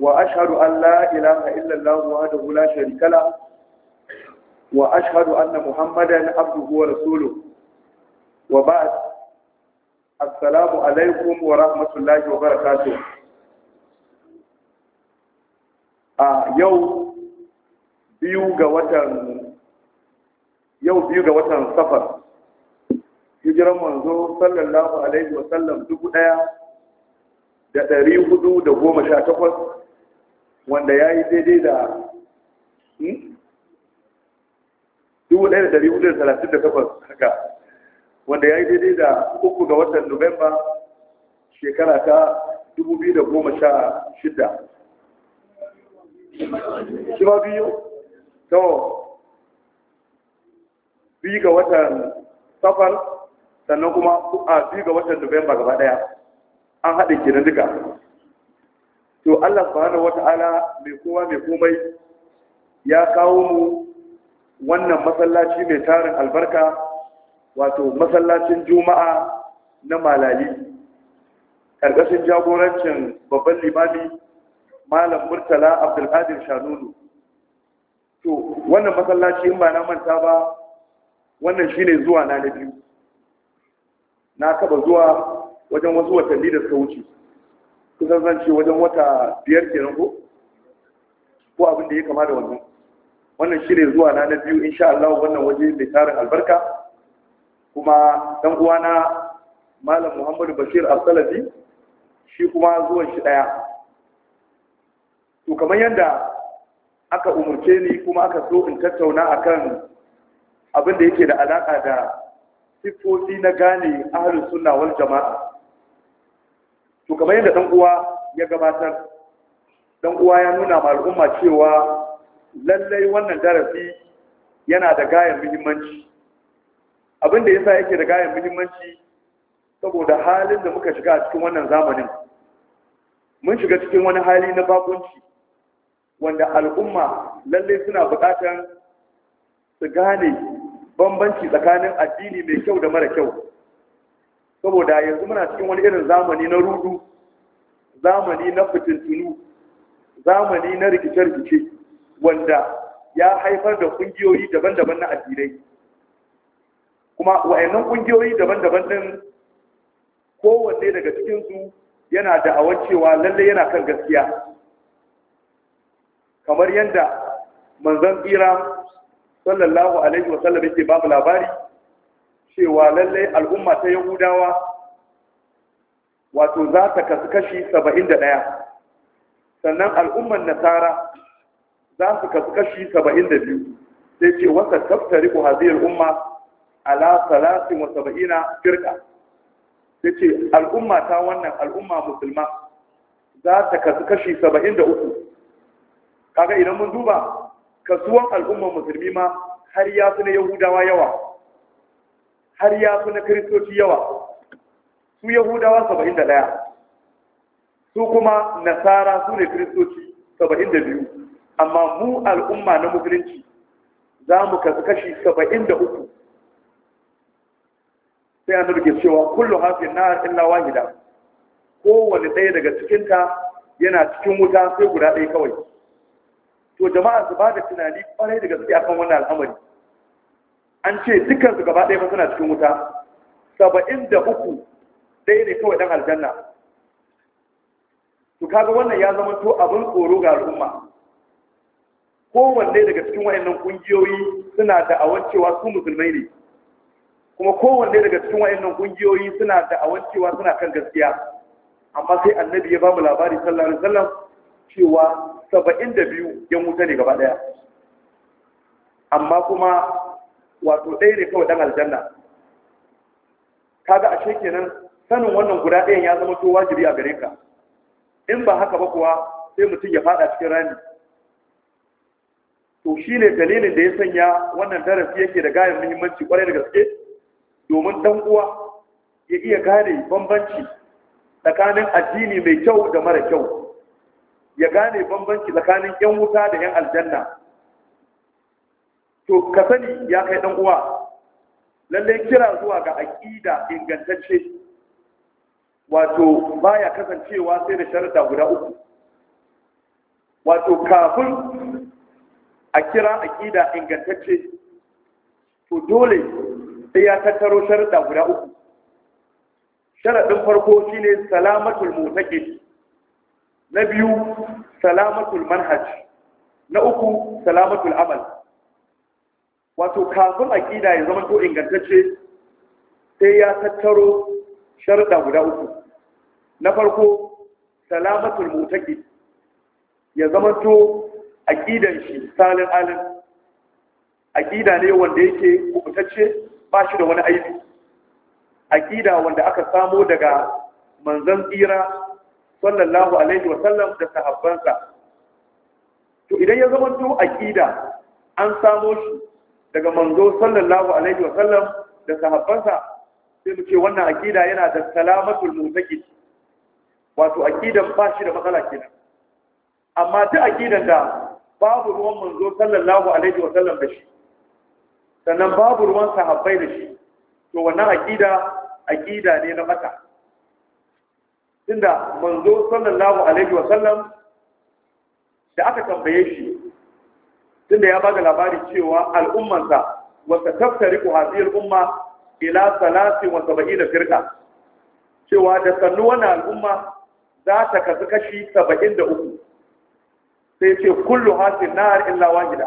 وأشهد أن لا إله إلا الله وحده لا شريك له وأشهد أن محمدا عبده ورسوله وبعد السلام عليكم ورحمة الله وبركاته a yau biyu ga watan safar hijiran manzo sallallahu alaihi wasallam dubu ɗaya da ɗari hudu da goma sha takwas wanda ya yi daidai da 1438 hmm? haka wanda ya yi daidai da uku ga watan nuwamba shekara ta 2016 shi ba biyu to biyu ga watan safar sannan kuma a biyu ga watan nuwamba gaba daya an haɗe kenan duka to Allah subhanahu wata'ala mai kowa mai komai ya kawo mu wannan masallaci mai tarin albarka wato masallacin juma'a na malali ƙarƙashin jagorancin babban limami malam murtala abdulkadir shanunu to wannan masallaci in ba na manta ba wannan shine zuwa na na biyu na kaba zuwa wajen wasu watanni da suka wuce kusan zan wajen wata biyar kenan ko ko abin da ya kama da wannan wannan shi ne zuwa na na biyu insha Allah wannan waje mai tarin albarka kuma dan uwana malam Muhammadu Bashir Al-Salafi shi kuma zuwan shi daya to kamar yadda aka umurce ni kuma aka so in tattauna akan abin da yake da alaka da sifofi na gane ahlus sunna wal jama'a to kamar yadda dan uwa ya gabatar dan uwa ya nuna ma al'umma cewa lallai wannan darasi yana da gayar muhimmanci abin da yasa yake da gayan muhimmanci saboda halin da muka shiga a cikin wannan zamanin mun shiga cikin wani hali na bakunci wanda al'umma lallai suna buƙatar su gane bambanci tsakanin addini mai kyau da mara kyau saboda yanzu muna cikin wani irin zamani na rudu zamani na fitintunu zamani na rikice-rikice wanda ya haifar da kungiyoyi daban-daban na addinai kuma wa'annan kungiyoyi daban-daban din kowanne daga cikinsu yana a cewa lallai yana kan gaskiya kamar yadda manzon tsira sallallahu alaihi wasallam yake babu labari cewa lallai al'umma ta yahudawa wato za ta kasu kashi saba'in da ɗaya sannan al'umman nasara za su kasu kashi saba'in da biyu sai ce wata taftari ku haziyar umma ala salasin wa saba'ina firka sai ce al'umma ta wannan al'umma musulma za ta kasu kashi saba'in da uku kaga idan mun duba kasuwan al'ummar musulmi ma har ya fi na yahudawa yawa har ya fi na kiristoci yawa su yahudawa saba'in da ɗaya su kuma nasara su ne kiristoci saba'in da biyu amma mu al'umma na musulunci za mu kasu kashi saba'in da uku sai an rike cewa kullum hafin na illa wahida kowane ɗaya daga cikinta yana cikin wuta sai guda ɗaya kawai to jama'a su ba da tunani kwarai daga suke akan wannan al'amari an ce dukansu gaba ɗaya suna cikin wuta saba'in da uku ɗaya ne kawai ɗan aljanna to kaga wannan ya zama to abin tsoro ga al'umma kowanne daga cikin wayannan ƙungiyoyi suna da awancewa su musulmai ne kuma kowanne daga cikin wayannan ƙungiyoyi suna da awancewa suna kan gaskiya amma sai annabi ya ba mu labari sallallahu alaihi wasallam cewa biyu yan wuta ne gaba ɗaya, amma kuma wato ɗaya ne kawai ɗan aljanna kaga ashe kenan sanin wannan guda ɗayan ya zama to wajibi a gare ka in ba haka ba kuwa sai mutum ya fada cikin rani to shi ne dalilin da ya sanya wannan darasi yake da gayan muhimmanci kwarai da gaske domin dan uwa ya iya gane bambanci tsakanin addini mai kyau da mara kyau ya gane bambanci tsakanin yan wuta da yan aljanna to ka sani ya kai dan uwa lalle kira zuwa ga aqida ingantacce wato baya kasancewa sai da sharuɗa guda uku wato kafin a kira aqida ingantacce to dole sai ya tattaro sharuɗa guda uku sharaɗin farko shine salamatul mutaqid na biyu salamatul manhaj na uku salamatul amal wato kafin aƙida ya zama ko ingantacce sai ya tattaro sharuɗa guda uku na farko salamatul mutaki ya zama to aƙidan shi salin alin aƙida ne wanda yake kubutacce ba shi da wani aiki. aƙida wanda aka samo daga manzan tsira sallallahu alaihi wasallam da sahabbansa to idan ya zama to aƙida an samo shi daga manzo sallallahu alaihi wa sallam da sahabbansa sai mu ce wannan akida yana da salamatul mutaqid wato akidan ba shi da matsala kenan amma ta akidan da babu ruwan manzo sallallahu alaihi wa sallam da shi sannan babu ruwan sahabbai da shi to wannan akida akida ne na mata tunda manzo sallallahu alaihi wa sallam da aka tambaye shi tunda ya bada labari cewa al'ummansa wata ku hadhihi al'umma ila 73 firqa cewa da sannu wannan al'umma za ta kasu kashi 73 sai ce kullu hasin nar illa wahida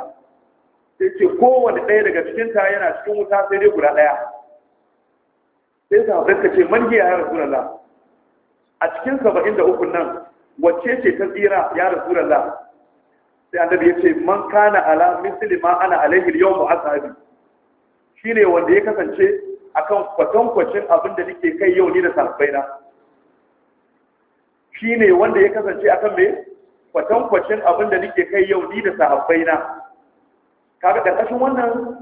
sai ce kowanne ɗaya daga cikin ta yana cikin wuta sai dai guda ɗaya sai sahabbai ka ce man hiya ya rasulullah a cikin 73 nan wacce ce ta tsira ya rasulullah sai annabi ya ce man kana ala misli ma ana alaihi yau mu ashabi shine wanda ya kasance akan kwatankwacin abin da nake kai yau ni da sahabbaina shine wanda ya kasance akan me kwatankwacin abin da nake kai yau ni da sahabbaina kaga karkashin wannan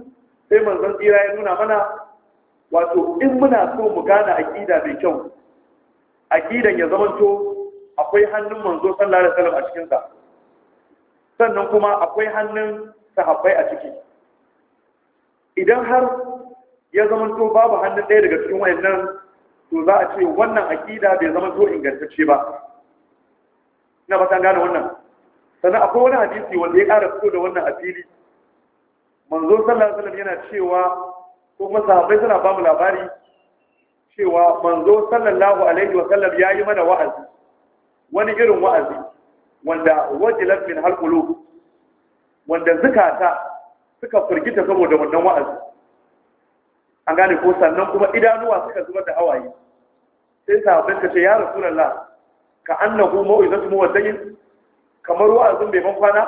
sai manzon tsira ya nuna mana wato in muna so mu gane aqida mai kyau aqidan ya zamanto akwai hannun manzo sallallahu alaihi wasallam a cikin sa sannan kuma akwai hannun sahabbai a ciki idan har ya zama to babu hannun ɗaya daga cikin wayannan to za a ce wannan aƙida bai zama to ingantacce ba ina ba gane wannan sannan akwai wani hadisi wanda ya ƙara fito da wannan a fili manzo sallallahu alaihi wasallam yana cewa ko kuma sahabbai suna ba mu labari cewa manzo sallallahu alaihi wasallam ya yi mana wa'azi wani irin wa'azi wanda wajilat min halkulu, wanda zukata suka firgita saboda wannan wa'azi an gane ko sannan kuma idanuwa suka zubar da hawaye sai sahabbai ta ce ya rasulullah ka annahu mau'izatu muwaddain kamar wa'azin bai ban kwana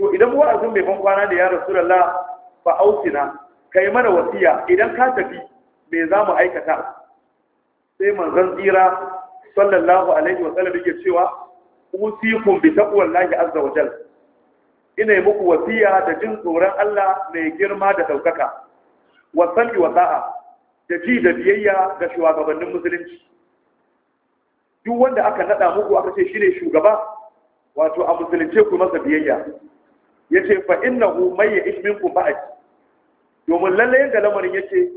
to idan wa'azin bai ban kwana da ya rasulullah fa ausina kai mana wasiya idan ka tafi me za mu aikata sai manzon tsira sallallahu alaihi wa sallam yake cewa usikum bi taqwallahi azza wa jalla ina yi muku wasiya da jin tsoron Allah mai girma da daukaka wa sami wa sa'a da ji da biyayya ga shugabannin musulunci duk wanda aka nada muku aka ce shine shugaba wato a musulunce ku masa biyayya yace fa innahu may ya'ish ku ba'd domin lalle yanda lamarin yake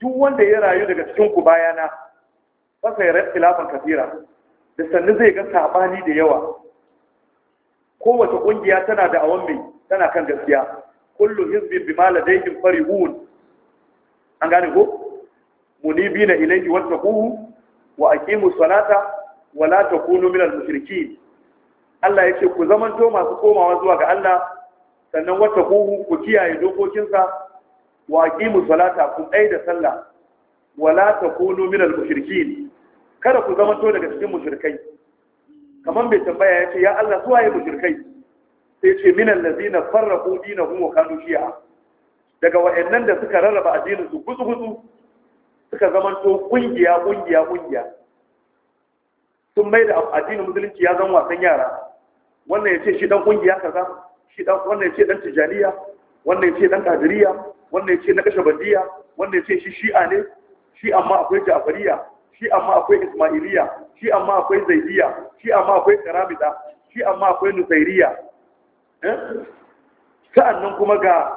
duk wanda ya rayu daga cikin ku bayana fa sai ra'ilafan kafira da sannu zai ga sabani da yawa kowace ƙungiya tana da awon mai tana kan gaskiya kullu hizbin bima ladayhim farihun an gane ko munibina ilayhi ilaihi, wa aqimu salata wa la takunu minal mushrikeen Allah yace ku zaman to masu komawa zuwa ga Allah sannan kuhu ku kiyaye dokokinsa wa aqimu salata ku da sallah wa la takunu minal mushrikin kada ku zama to daga cikin mushrikai kamar bai tambaya ya ce ya Allah su waye mushrikai sai yace minan lazina farraqu dinahum wa kanu shi'a daga wayannan da suka rarraba addinin su gutsu gutsu suka zama to kungiya kungiya kungiya sun mai da addinin musulunci ya zama wasan yara wannan ya ce shi dan kungiya kaza shi dan wannan ya ce dan tijaniya wannan ya ce dan kadiriya wannan ya ce na kashe bandiya wannan ya ce shi shi'a ne shi amma akwai ja'fariya shi amma akwai ismailiya shi amma akwai zaidiya shi amma akwai karamida shi amma akwai nusairiya eh? sa'annan kuma ga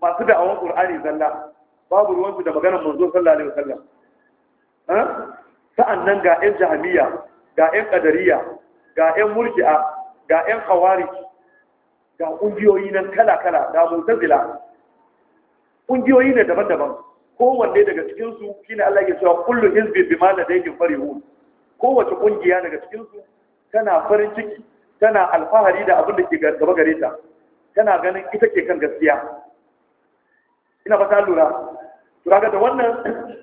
masu da'awan ƙur'ani zalla babu ruwansu da maganar manzo sallallahu alaihi wasallam eh? sa'annan ga ƴan jahamiya ga ƴan qadariya ga ƴan murji'a ga ƴan khawarij ga ƙungiyoyi nan kala-kala ga mutazila ƙungiyoyi ne daban-daban kowanne daga cikinsu ne Allah ke cewa kullu hizbi bima ladayhim farihun kowace kungiya daga cikinsu tana farin ciki tana alfahari da abin da ke gaba gare ta tana ganin ita ke kan gaskiya ina fata lura to da wannan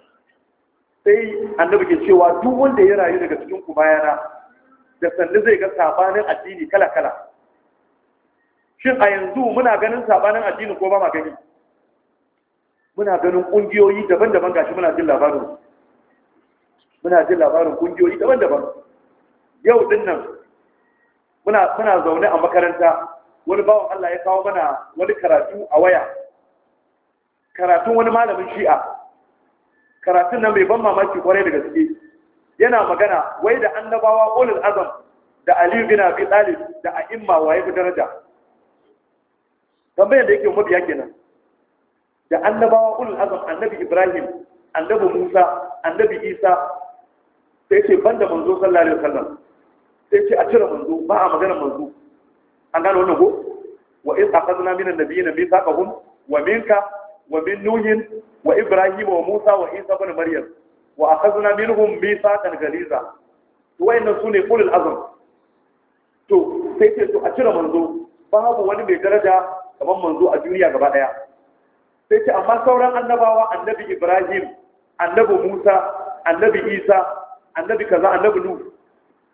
sai annabi ke cewa duk wanda ya rayu daga cikin ku bayana da sanni zai ga sabanin addini kala kala shin a yanzu muna ganin sabanin addini ko ba ma gani muna ganin ƙungiyoyi daban-daban gashi muna jin labarin muna jin labarin ƙungiyoyi daban-daban yau din nan muna zaune a makaranta wani bawan Allah ya kawo mana wani karatu a waya karatun wani malamin shi'a karatun nan bai ban mamaki kwarai da gaske yana magana wai da annabawa ulul azam da aliyu bin abi talib da a'imma waye fi daraja tambayar da yake mabiya kenan da annabawa ulul azam annabi ibrahim annabi musa annabi isa sai ce ban da manzo sallallahu alaihi wasallam sai ce a cire manzo ba a magana manzo an gano wannan ko wa in akhadna min annabiyina mithaqahum wa minka wa min nuhin wa ibrahim wa musa wa isa ibn maryam wa akhadna minhum mithaqan ghaliza to wayannan sune ulul azam to sai ce to a cire manzo babu wani mai daraja kamar manzo a duniya gaba daya sai ce amma sauran annabawa annabi ibrahim annabi musa annabi isa annabi kaza annabi nu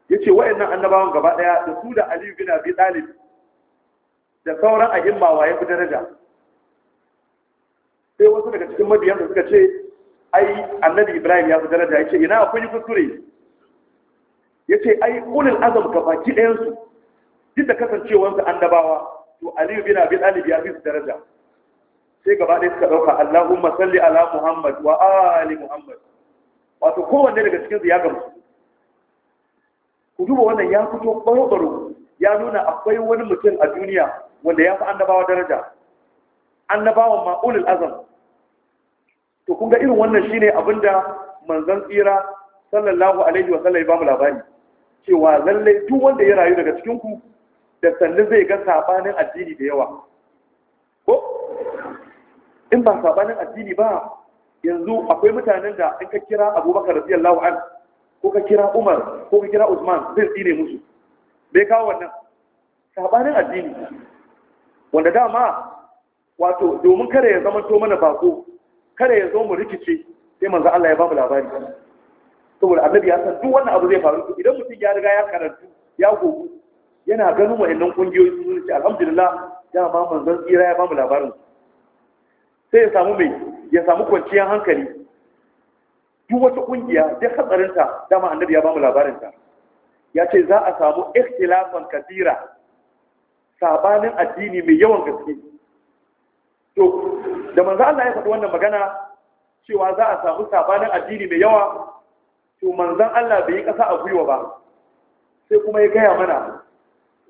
ya ce wa'annan annabawan gaba daya da su da aliyu bin abi ɗalib da sauran ahimma wa ya fi daraja sai wasu daga cikin mabiyan da suka ce ai annabi ibrahim ya fi daraja ya ce ina akwai kuskure ya ce ai ulul azam gabaki ɗayansu duk da kasancewarsu annabawa to aliyu bin abi ɗalib ya fi su daraja sai gaba ɗaya suka ɗauka Allahumma salli ala Muhammad wa ali Muhammad wato kowanne daga cikin ya gamsu ku duba wannan ya fito ɓaro-ɓaro ya nuna akwai wani mutum a duniya wanda ya fi annabawa daraja annabawa ma'ulul azam to kun ga irin wannan shine abinda manzon tsira sallallahu alaihi wa sallam ya bamu labari cewa lallai duk wanda ya rayu daga cikin ku da sannu zai ga sabanin addini da yawa in ba sabanin addini ba yanzu akwai mutanen da in ka kira abubakar radiyallahu an ko ka kira umar ko ka kira usman zai tsine musu bai kawo wannan sabanin addini wanda dama wato domin kare ya zama to mana bako kare ya zo mu rikice sai manzo Allah ya ba mu labari saboda annabi ya san duk wannan abu zai faru idan mutum ya riga ya karantu ya gogu yana ganin wa'annan kungiyoyi sun ce alhamdulillah dama manzon tsira ya ba mu labarin sai ya samu mai ya samu kwanciyar hankali duk wata kungiya duk hatsarinta dama annabi ya bamu labarinta ya ce za a samu ikhtilafan kasira sabanin addini mai yawan gaske to da manzo Allah ya faɗi wannan magana cewa za a samu sabanin addini mai yawa to manzo Allah bai yi ƙasa a gwiwa ba sai kuma ya gaya mana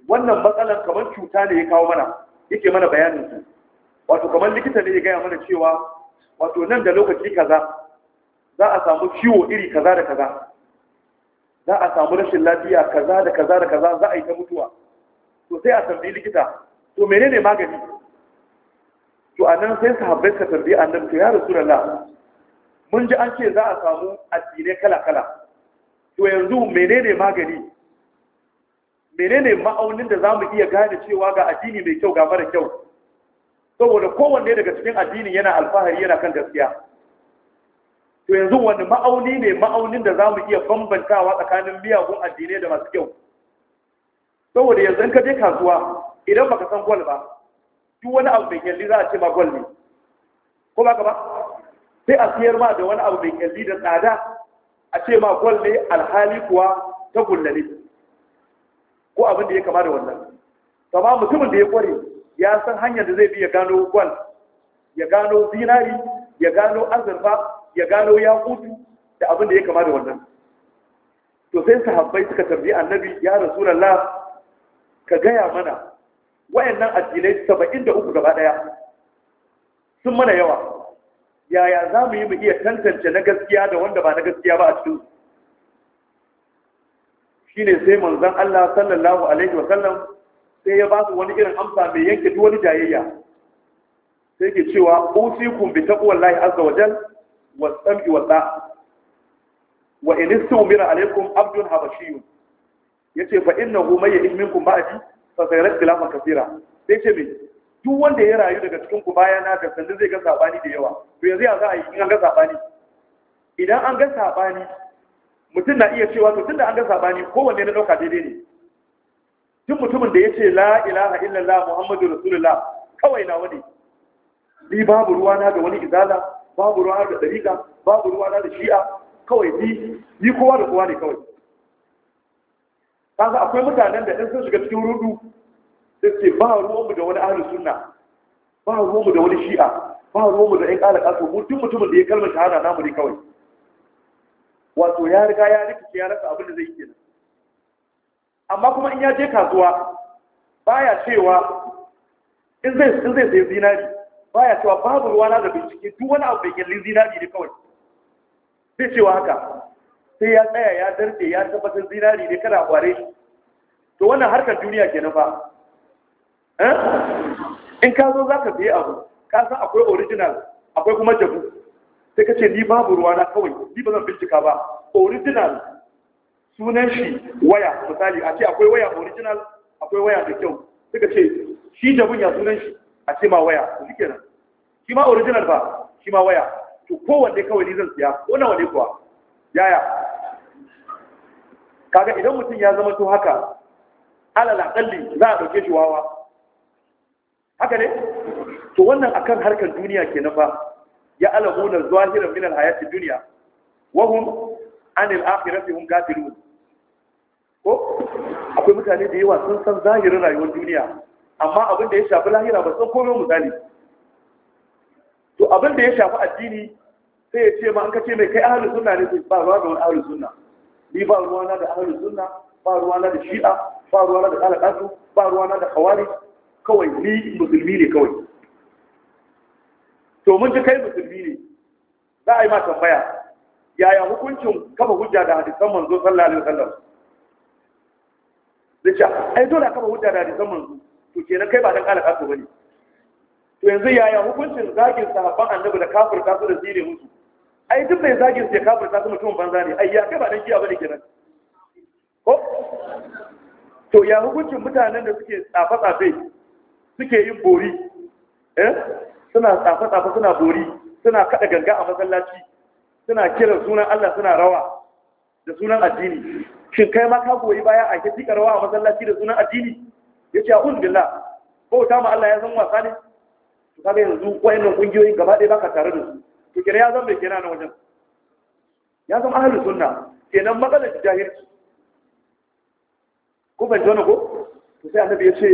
wannan matsalan kamar cuta ne ya kawo mana yake mana bayanin su wato kamar likita ne ya gaya mana cewa wato nan da lokaci kaza za a samu ciwo iri kaza da kaza za a samu rashin lafiya kaza da kaza da kaza za a yi ta mutuwa to sai a tambayi likita to menene magani to a nan sai sahabbai ka tambayi annabi to ya rasulullah mun ji an ce za a samu addinai kala kala to yanzu menene magani menene ma'aunin da za mu iya gane cewa ga addini mai kyau ga mara kyau saboda kowanne daga cikin addini yana alfahari yana kan gaskiya to yanzu wani ma'auni ne ma'aunin da za mu iya bambantawa tsakanin miyagun addinai da masu kyau saboda yanzu in ka je kasuwa idan baka san gwal ba duk wani abu mai kyalli za a ce ma gwal ne ko ba ka ba sai a siyar ma da wani abu mai kyalli da tsada a ce ma gwal ne alhali kuwa ta gullale ko abin da ya kama da wannan amma mutumin da ya kware ya san hanyar da zai bi ya gano gwal ya gano zinari ya gano azurfa ya gano yakutu da abin da ya kama da wannan to sai sahabbai suka tambayi annabi ya rasulullah ka gaya mana wayannan addinai 73 gaba daya sun mana yawa yaya za mu yi mu iya tantance na gaskiya da wanda ba na gaskiya ba a cikin shine sai manzon Allah sallallahu alaihi wasallam sai ya ba su wani irin amsa mai yanke duk wani jayayya sai ke cewa usikum bi taqwallahi azza wa jal wa sam'i wa ta'a wa in istumira alaykum abdun Ya yace fa innahu may minkum ba'di fa sayara ikhtilafan kaseera sai ce mai duk wanda ya rayu daga cikin ku baya na da zai ga sabani da yawa to yanzu ya za a yi in an ga sabani idan an ga sabani mutum na iya cewa to tunda an ga sabani kowanne na dauka daidai ne duk mutumin da ya ce la ilaha illallah muhammadu rasulullah kawai na wani ni babu ruwa na da wani izala babu ruwa da dariƙa babu ruwa na da shi'a kawai ni ni kowa da kowa ne kawai kaga akwai mutanen da in sun shiga cikin rudu sai ce ba ruwanmu da wani ahlus sunna ba ruwanmu da wani shi'a ba ruwanmu da in ƙalaƙa ƙasa, duk mutumin da ya kalmar shahada namu ne kawai wato ya riga ya rikice ya rasa abin da zai yi kenan amma kuma in ya je kasuwa baya cewa in zai in zai sayi zinari baya cewa babu ruwa na da bincike duk wani abu bai kyalli zinari ne kawai zai cewa haka sai ya tsaya ya darje ya tabbatar zinari ne kada kware to wannan harkar duniya kenan fa eh? in ka zo zaka biye abu ka san akwai original akwai kuma jabu sai ka ce ni babu ruwa na kawai ni ba zan bincika ba original sunan shi waya misali a ce akwai waya original akwai waya da kyau suka ce shi jabin ya sunan shi a ce ma waya su shi nan shi ma original ba shi ma waya to kowanne kawai ni zan siya ko nawa ne kuwa yaya kaga idan mutum ya zama to haka alal akalli za a dauke shi wawa haka ne to wannan akan harkar duniya kenan fa ya alamuna zahiran min alhayati dunya wa hum anil akhirati hum kafirun ko akwai mutane da yawa sun san zahirin rayuwar duniya amma abin da ya shafi lahira ba san komai misali to abin da ya shafi addini sai ya ce ma an kace mai kai ahlus sunna ne sai ba ruwa da wani ahlus sunna ni ba ruwa na da ahlus sunna ba ruwa na da shi'a ba ruwa na da alaqatu ba ruwa na da khawari kawai ni musulmi ne kawai to mun ji kai musulmi ne za a yi ma tambaya yaya hukuncin kafa hujja da hadisan manzo sallallahu alaihi wasallam sai ce ai dole aka ba hujja da zaman manzo to kenan kai ba dan kala kaso bane to yanzu yaya hukuncin zagin sahabban annabi da kafir kasu da zire musu ai duk mai zagin sai kafir kasu mutum banza ne ai ya kai ba dan kiya bane kenan ko to ya hukuncin mutanen da suke tsafa tsafe suke yin bori eh suna tsafa tsafa suna bori suna kada ganga a masallaci suna kiran sunan Allah suna rawa da sunan addini shin kai ma ka goyi baya a ke tikarwa a masallaci da sunan addini ya ce a'udhu billah ta ma Allah ya san wasa ne to kaga yanzu wayannan kungiyoyin gaba ɗaya baka tare da su to kira ya zan bai kira na wajen ya zan ahlus sunna kenan matsalar jahilci ko ban jona ko to sai annabi ya ce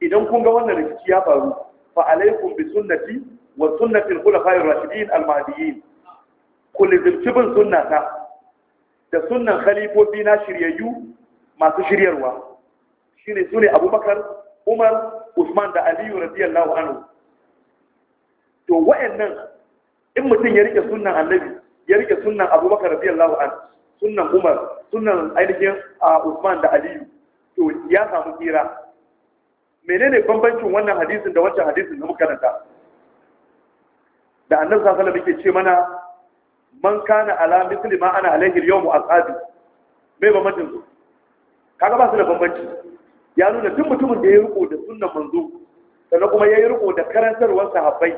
idan kun ga wannan rikici ya faru fa alaikum bi sunnati wa sunnati al-khulafa'ir rashidin al-mahdiyyin kullu bin sunnata da sunan khalifofi na shiryayyu masu shiryarwa shine sune abubakar umar usman da aliyu radiyallahu anhu to wa'annan in mutum ya rike sunan annabi ya rike sunan abubakar radiyallahu anhu sunan umar sunan ainihin usman da aliyu to ya samu kira menene bambancin wannan hadisin da wancan hadisin da muka da annabi sallallahu alaihi wasallam yake ce mana man kana ala misli ma ana alaihi al-yawm aqabi mai bambancin su kaga ba su da bambanci ya nuna tun mutumin da ya riko da sunnan manzo sannan kuma ya yi riko da karantarwar sahabbai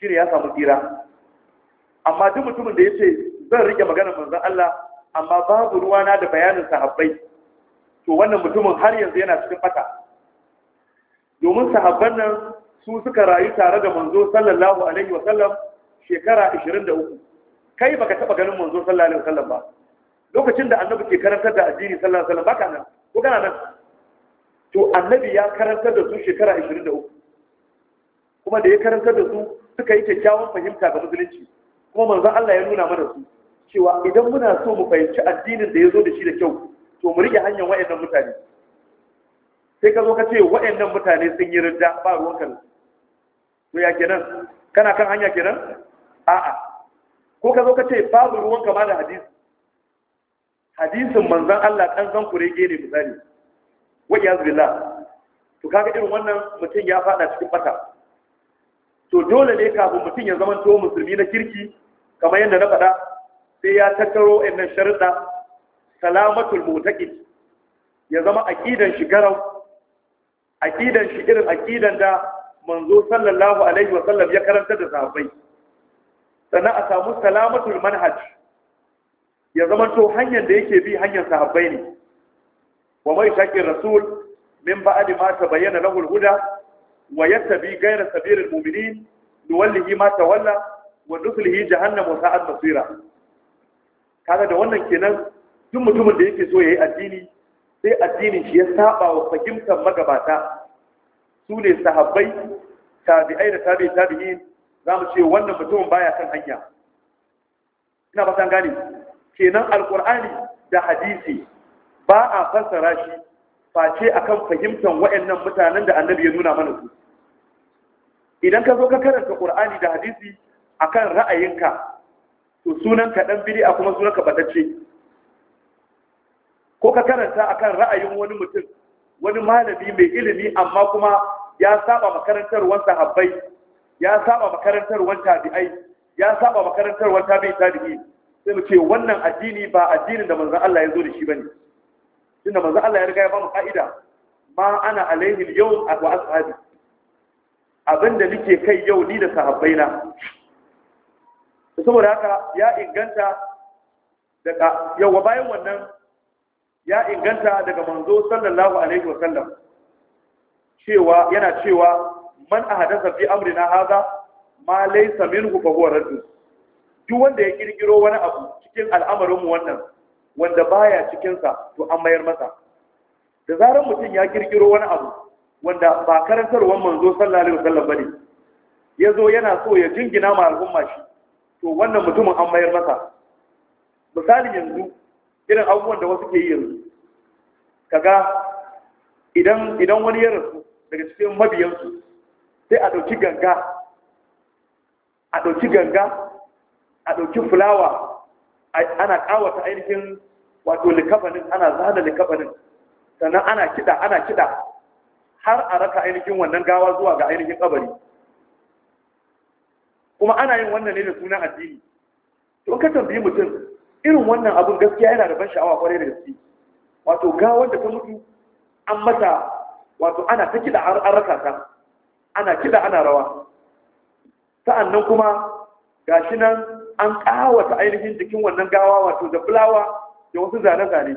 shi ne ya samu tsira amma duk mutumin da ya ce zan rike magana manzon Allah amma babu na da bayanin sahabbai to wannan mutumin har yanzu yana cikin fata domin sahabban nan su suka rayu tare da manzo sallallahu alaihi wa sallam shekara 23 kai baka taba ganin manzo sallallahu alaihi wasallam ba lokacin da annabi ke karantar da addini sallallahu alaihi wasallam baka nan ko kana nan to annabi ya karantar da su shekara 23 kuma da ya karantar da su suka yi kyakkyawan fahimta ga musulunci kuma manzon Allah ya nuna mana su cewa idan muna so mu fahimci addinin da ya zo da shi da kyau to mu rike hanyar waɗannan mutane sai ka zo ka ce waɗannan mutane sun yi ridda ba ruwan kan to ya kenan kana kan hanya kenan a'a ko ka zo ka ce babu ruwan kama da hadisi hadisin manzan Allah ɗan zan kure gere misali wa ya zubila to kaga irin wannan mutum ya fada cikin fata to dole ne kafin mutum ya zama to musulmi na kirki kamar yadda na faɗa sai ya tattaro innan sharuɗa salamatul mutaqid ya zama aqidan shi garau aqidan shi irin aqidan da manzo sallallahu alaihi wa sallam ya karanta da sahabbai sannan a samu salamatul manhaj ya zama to hanyar da yake bi hanyar sahabbai ne wa mai shaƙin rasul min adi ma ta bayyana lahul huda wa yattabi gaira sabilil mumini nuwallihi ma walla, wa nuslihi jahannam wa sa'at masira kaga da wannan kenan duk mutumin da yake so ya yi addini sai addinin shi ya saba wa fahimtar magabata su ne sahabbai tabi'ai da tabi'i tabi'in zamu ce wannan mutumin baya kan hanya ina ba san gane kenan Alƙur'ani da hadisi ba a fassara shi face akan fahimtar wayannan mutanen da annabi ya nuna mana su idan ka zo ka karanta qur'ani da hadisi akan ra'ayinka to sunan ka dan a kuma sunan ka batacce ko ka karanta akan ra'ayin wani mutum wani malami mai ilimi amma kuma ya saba makarantar wanda habbai ya saba makarantar wanta tabi'ai ya saba makarantar wanta tabi'i sai mu ce wannan addini ba addinin da manzon Allah ya zo da shi bane tunda manzon Allah ya riga ya ba mu ka'ida ma ana alaihi yau yawm wa ashabi abinda nake kai yau ni da sahabbaina saboda haka ya inganta daga yawa bayan wannan ya inganta daga manzo sallallahu alaihi wa sallam cewa yana cewa man ahadasa fi amrina hadha ma laysa minhu fa huwa raddu duk wanda ya kirkiro wani abu cikin al'amarin mu wannan wanda baya cikin sa to an mayar masa da zarar mutum ya kirkiro wani abu wanda ba karantarwar manzo sallallahu alaihi wasallam bane yazo yana so ya jingina ma al'umma shi to wannan mutumin an mayar masa misali yanzu irin abubuwan da wasu ke yi yanzu kaga idan idan wani ya rasu daga cikin mabiyansu sai a ɗauki ganga a ɗauki ganga a ɗauki fulawa ana ƙawata ainihin wato likafanin ana zana likafanin sannan ana kiɗa ana kiɗa har a raka ainihin wannan gawa zuwa ga ainihin ƙabari. kuma ana yin wannan ne da sunan addini to ka tambayi mutum irin wannan abun gaskiya yana da ban sha'awa kwarai da gaske wato gawar da ta mutu an mata wato ana ta kiɗa an raka ta ana kida ana rawa sa'annan kuma ga shi nan an ƙawata ainihin jikin wannan gawa wato da fulawa da wasu zane-zane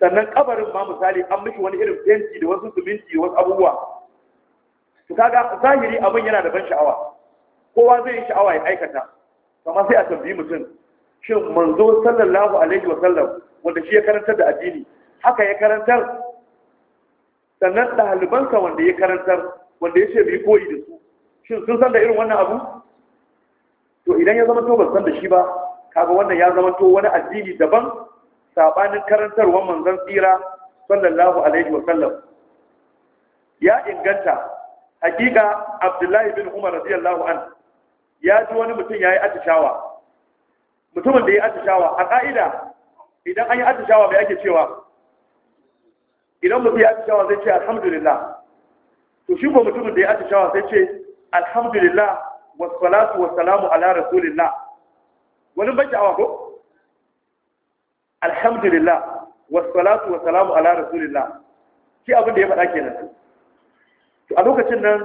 sannan kabarin ma misali an mishi wani irin fenti da wasu siminti da wasu abubuwa su kaga zahiri abin yana da ban sha'awa kowa zai yi sha'awa ya aikata kamar sai a tambayi mutum shin manzo sallallahu alaihi wa wanda shi ya karantar da addini haka ya karantar sannan ɗalibansa wanda ya karantar wanda ya ce bi yi koyi da su shin sun san da irin wannan abu to idan ya zama to ba san da shi ba kaga wannan ya zama to wani addini daban sabanin karantarwar manzon tsira sallallahu alaihi wa sallam ya inganta hakika abdullahi bin umar radiyallahu an ya ji wani mutum ya yi atishawa mutumin da ya yi atishawa a ka'ida idan an yi atishawa mai ake cewa idan mutum ya atishawa zai ce alhamdulillah to shi ko mutumin da ya atishawa sai ce alhamdulillah wassalatu wassalamu ala rasulillah wani ban sha'awa ko alhamdulillah wassalatu wassalamu ala rasulillah shi abin da ya faɗa kenan to a lokacin nan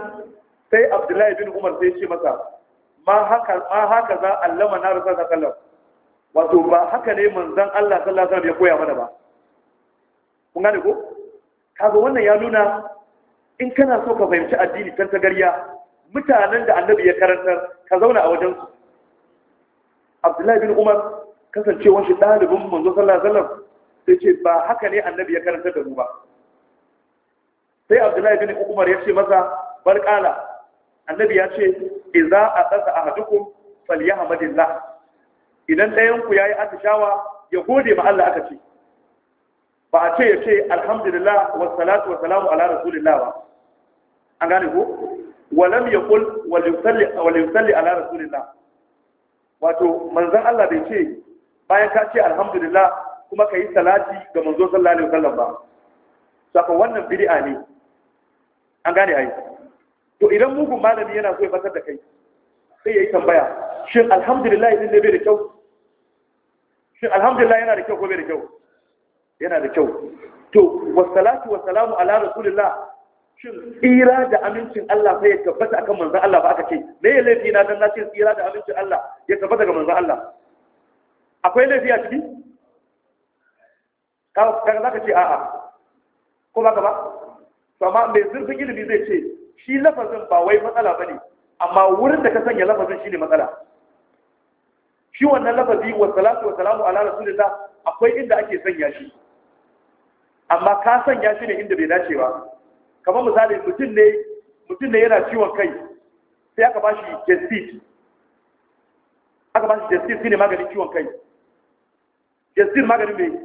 sai abdullahi bin umar sai ce masa ma haka ma haka za allama na rasul sallallahu wato ba haka ne manzon Allah sallallahu alaihi wasallam ya koya mana ba kun gane ko kaga wannan ya nuna in kana so ka fahimci addini kan ta gariya mutanen da annabi ya karantar ka zauna a wajen wajensu abdullahi bin umar kasancewar shi ɗalibin manzo sallallahu alaihi wasallam sai ce ba haka ne annabi ya karantar da mu ba sai abdullahi bin umar ya ce masa bar kala annabi ya ce idza aqasa ahadukum falyahmadillah idan ɗayan ku yayi atishawa ya gode ma Allah aka ce ba a ce ya ce alhamdulillah wa salatu wa salamu ala rasulillah ba an gane ko walam yaqul wal yusalli wal yusalli ala rasulillah wato manzon Allah bai ce bayan ka ce alhamdulillah kuma ka yi salati ga manzo sallallahu alaihi wasallam ba saka wannan bid'a ne an gane ai to idan mugun malami yana so ya fasar da kai sai yayi tambaya shin alhamdulillah idan ne bai da kyau shin alhamdulillah yana da kyau ko bai da kyau yana da kyau to wasalatu wasalamu ala rasulillah shin tsira da amincin Allah sai ya tabbata akan manzon Allah ba aka ce me ya laifi na dan nace tsira da amincin Allah ya tabbata ga manzon Allah akwai laifi a ciki ka ka zaka ce a'a ko ba ka ba to amma mai zurfin ilimi zai ce shi lafazin ba wai matsala bane amma wurin da ka sanya lafazin shine matsala shi wannan lafazi 'Wasalatu wasalamu ala rasulillah akwai inda ake sanya shi amma ka sanya shi ne inda bai dace ba kamar misali mutum ne mutum ne yana ciwon kai sai aka bashi jesit aka bashi jesit shi ne shine maganin ciwon kai jesit maganin mai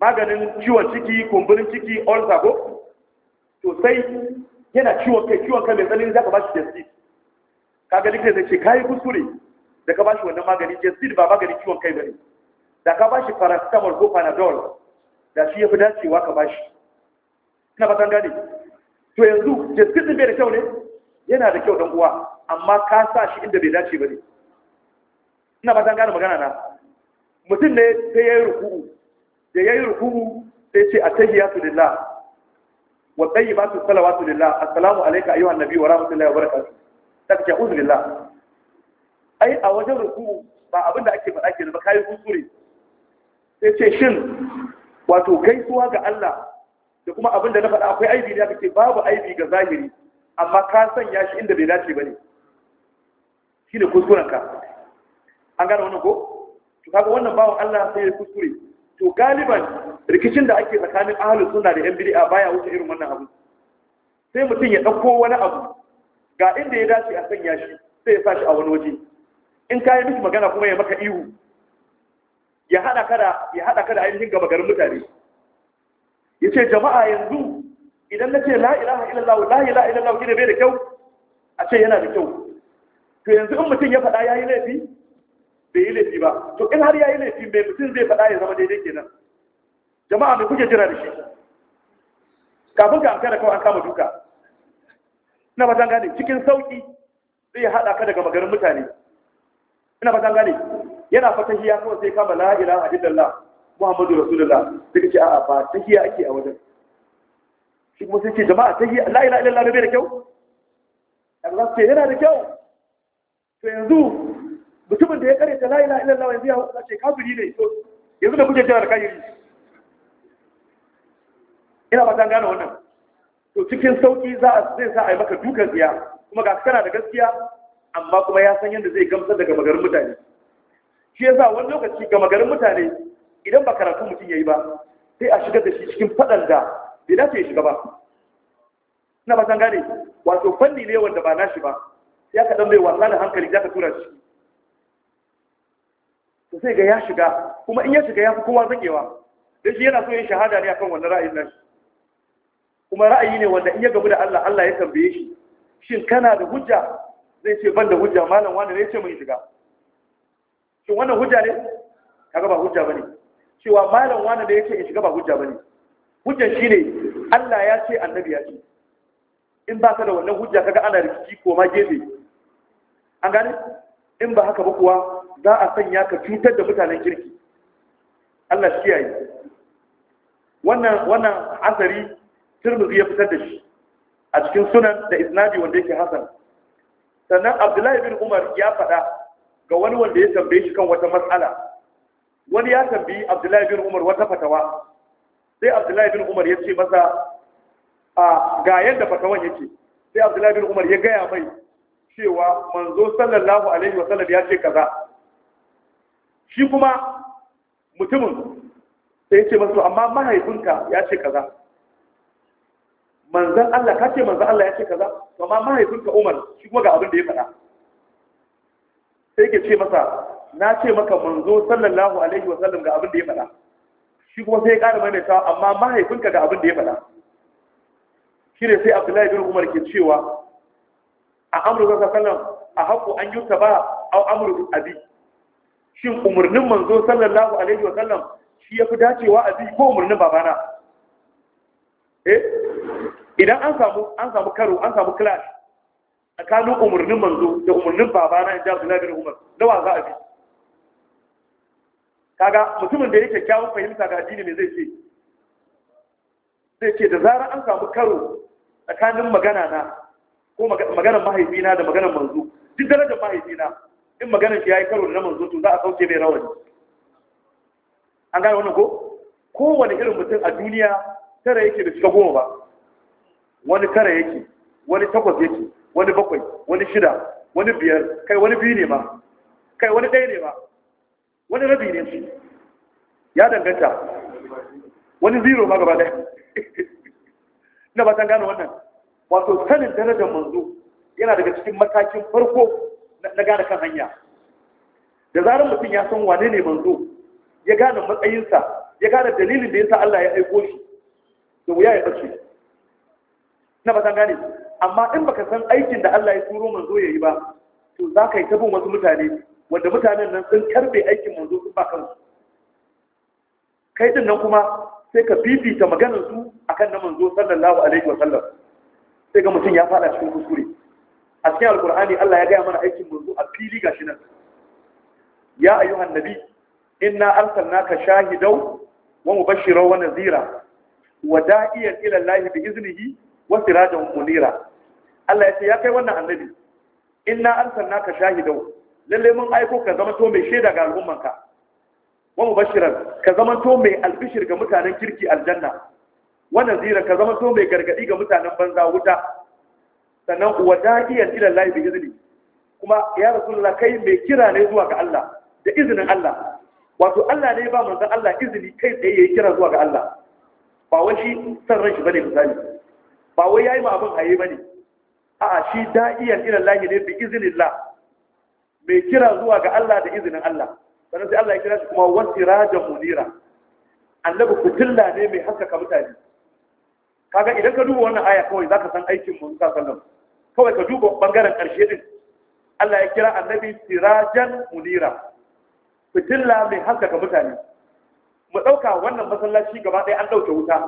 maganin ciwon ciki kumburin ciki ulcer ko to sai yana ciwon kai ciwon kai mai tsanani ka bashi jesit Ka ga likita zai ce kai kuskure da ka bashi wannan magani jesit ba maganin ciwon kai bane da ka bashi paracetamol ko panadol da shi ya fi dacewa ka bashi ina fatan gane to yanzu jiskisin bai da kyau ne yana da kyau dan uwa amma ka sa shi inda bai dace ba ne ina fatan gane magana na mutum ne sai ya yi ruku'u da ya yi ruku'u sai ce a tahiyatu lilla. wa ba su salawa su lilla, assalamu alaika ayyuha an-nabi wa rahmatullahi wa barakatuh take uzu lillah ai a wajen ruku'u ba abinda ake faɗa ke ba kai kuskure sai ce shin wato gaisuwa ga Allah da kuma abin da na faɗa akwai aibi da kake babu aibi ga zahiri amma ka sanya shi inda bai dace bane shine kuskuren ka an gane wannan ko to kaga wannan bawo Allah sai ya kuskure to galiban rikicin da ake tsakanin ahli sunna da yan bid'a baya wuce irin wannan abu sai mutum ya dauko wani abu ga inda ya dace a sanya shi sai ya sa shi a wani waje in ka yi miki magana kuma ya maka ihu ya hada kada ya hada kada ainihin gaba garin mutane yace jama'a yanzu idan nace la ilaha illallah la ilaha illallah kina bai da kyau a ce yana da kyau to yanzu in mutum ya faɗa yayi laifi bai yi laifi ba to in har yayi laifi mai mutum zai faɗa ya zama daidai kenan jama'a mai kuke jira da shi kafin ka amsa da kawai an kama duka ina zan gane cikin sauki zai hada ka daga magarin mutane ina zan gane yana fa tahiya kawai sai kama la ilaha illallah muhammadu rasulullah sai ka ce a'a ba tahiya ake a wajen shi kuma sai ce jama'a tahiya la ilallah da bai da kyau Allah ce yana da kyau to yanzu mutumin da ya kare ta la ilallah yanzu ya hukunta ce kafiri ne to yanzu da kuke jihar da ina ba zan gane wannan to cikin sauki za a zai sa a yi maka dukan tsiya kuma ga kana da gaskiya amma kuma ya san yadda zai gamsar daga magarin mutane shi ya yasa wani lokaci gama garin mutane idan ba karatu mutum ya yi ba sai a shigar da shi cikin fadan da bai dace ya shiga ba ina ba san gane wato fanni ne wanda ba nashi ba Ya ka dan bai wasa da hankali za ka tura shi to sai ga ya shiga kuma in ya shiga ya fi kowa zakewa dan shi yana so yin shahada ne akan wannan ra'ayin nashi kuma ra'ayi ne wanda in ya gabu da Allah Allah ya tambaye shi shin kana da hujja zai ce ban da hujja malam wanda ne ya ce mun shiga shi wannan hujja ne kaga ba hujja bane cewa malam wani da yake in shiga ba hujja bane hujjan shine Allah ya ce annabi ya ce in ba ka da wannan hujja kaga ana rikici ko ma gefe an gane in ba haka ba kuwa za a sanya ka cutar da mutanen kirki Allah shi yayi wannan wannan asari Tirmidhi ya fitar da shi a cikin sunan da isnadi wanda yake hasan sannan Abdullahi bin Umar ya faɗa ga wani wanda ya tambaye shi kan wata matsala wani ya tambayi abdullahi bin umar wata fatawa sai abdullahi bin umar ya ce masa a ga yadda fatawan yake sai abdullahi bin umar ya gaya mai cewa manzo sallallahu alaihi wasallam ya ce kaza shi kuma mutumin sai ya ce masu amma mahaifinka ya ce kaza manzan Allah ka ce manzan Allah ya ce kaza amma mahaifinka Umar shi kuma ga abin da ya faɗa sai ke ce masa na ce maka manzo sallallahu alaihi wasallam ga abin da ya faɗa shi kuma sai ya ƙara maimaita amma mahaifinka ga abin da ya faɗa shi ne sai abdullahi bin umar ke cewa a amurka sallallahu a haƙo an yi ta ba a amurka abi shin umarnin manzo sallallahu alaihi wasallam shi ya fi dacewa abi ko umarnin babana eh idan an samu an samu karo an samu clash tsakanin umarnin manzo da umarnin babana in inda abdullahi labirin umar wa za a bi kaga mutumin da ya kyakkyawan fahimta ga addini ne zai ce zai ce da zarar an samu karo tsakanin magana na ko maganar mahaifina da maganar manzo duk darajar mahaifina in maganar shi ya yi karo da na manzo to za a sauke mai rawani an gane wannan ko kowane irin mutum a duniya tara yake da shiga goma ba wani tara yake wani takwas yake wani bakwai wani shida wani biyar kai wani biyu ne ma kai wani ɗaya ne ma wani rabi ne shi ya danganta wani zero ma gaba ɗaya ina ba san gane wannan wato sanin darajar manzo yana daga cikin matakin farko na gane kan hanya da zarar mutum ya san wane ne manzo ya gane matsayinsa ya gane dalilin da ya sa Allah ya aiko shi da wuya ya ɓace ina ba san gane amma in baka san aikin da Allah ya turo manzo ya yi ba to za ka yi ta bin wasu mutane wanda mutanen nan sun karbe aikin manzo sun ba kansu kai din nan kuma sai ka bibita maganar su akan na manzo sallallahu alaihi wa sallam sai ga mutum ya fada cikin kuskure a cikin alkur'ani Allah ya gaya mana aikin manzo a fili gashi nan ya ayyuhan nabi inna arsalnaka shahidaw wa mubashshira wa nadhira wa da'iyan ila Allah bi iznihi wa sirajan munira Allah ya ce ya kai wannan annabi inna arsalnaka shahidau lalle mun aiko ka zama to mai shaida ga al'ummanka wa mubashiran ka zama to mai albishir ga mutanen kirki aljanna wa nazira ka zama to mai gargadi ga mutanen banza wuta sannan wa da'iyan ila Allah bi izni kuma ya rasulullah kai mai kira ne zuwa ga Allah da izinin Allah wato Allah ne ba manzon Allah izini kai tsaye yayi kira zuwa ga Allah ba wani shi san ran bane misali ba wai yayi ma abin haye bane a shi da'iyan ila lahi ne bi Allah. mai kira zuwa ga Allah da izinin Allah sannan sai Allah ya kira shi kuma wasirajan munira annabi fitilla ne mai haskaka mutane kaga idan ka duba wannan aya kawai zaka san aikin mun sa sallam kawai ka duba bangaren karshe din Allah ya kira annabi sirajan munira fitilla mai haskaka mutane mu dauka wannan masallaci gaba ɗaya an dauke wuta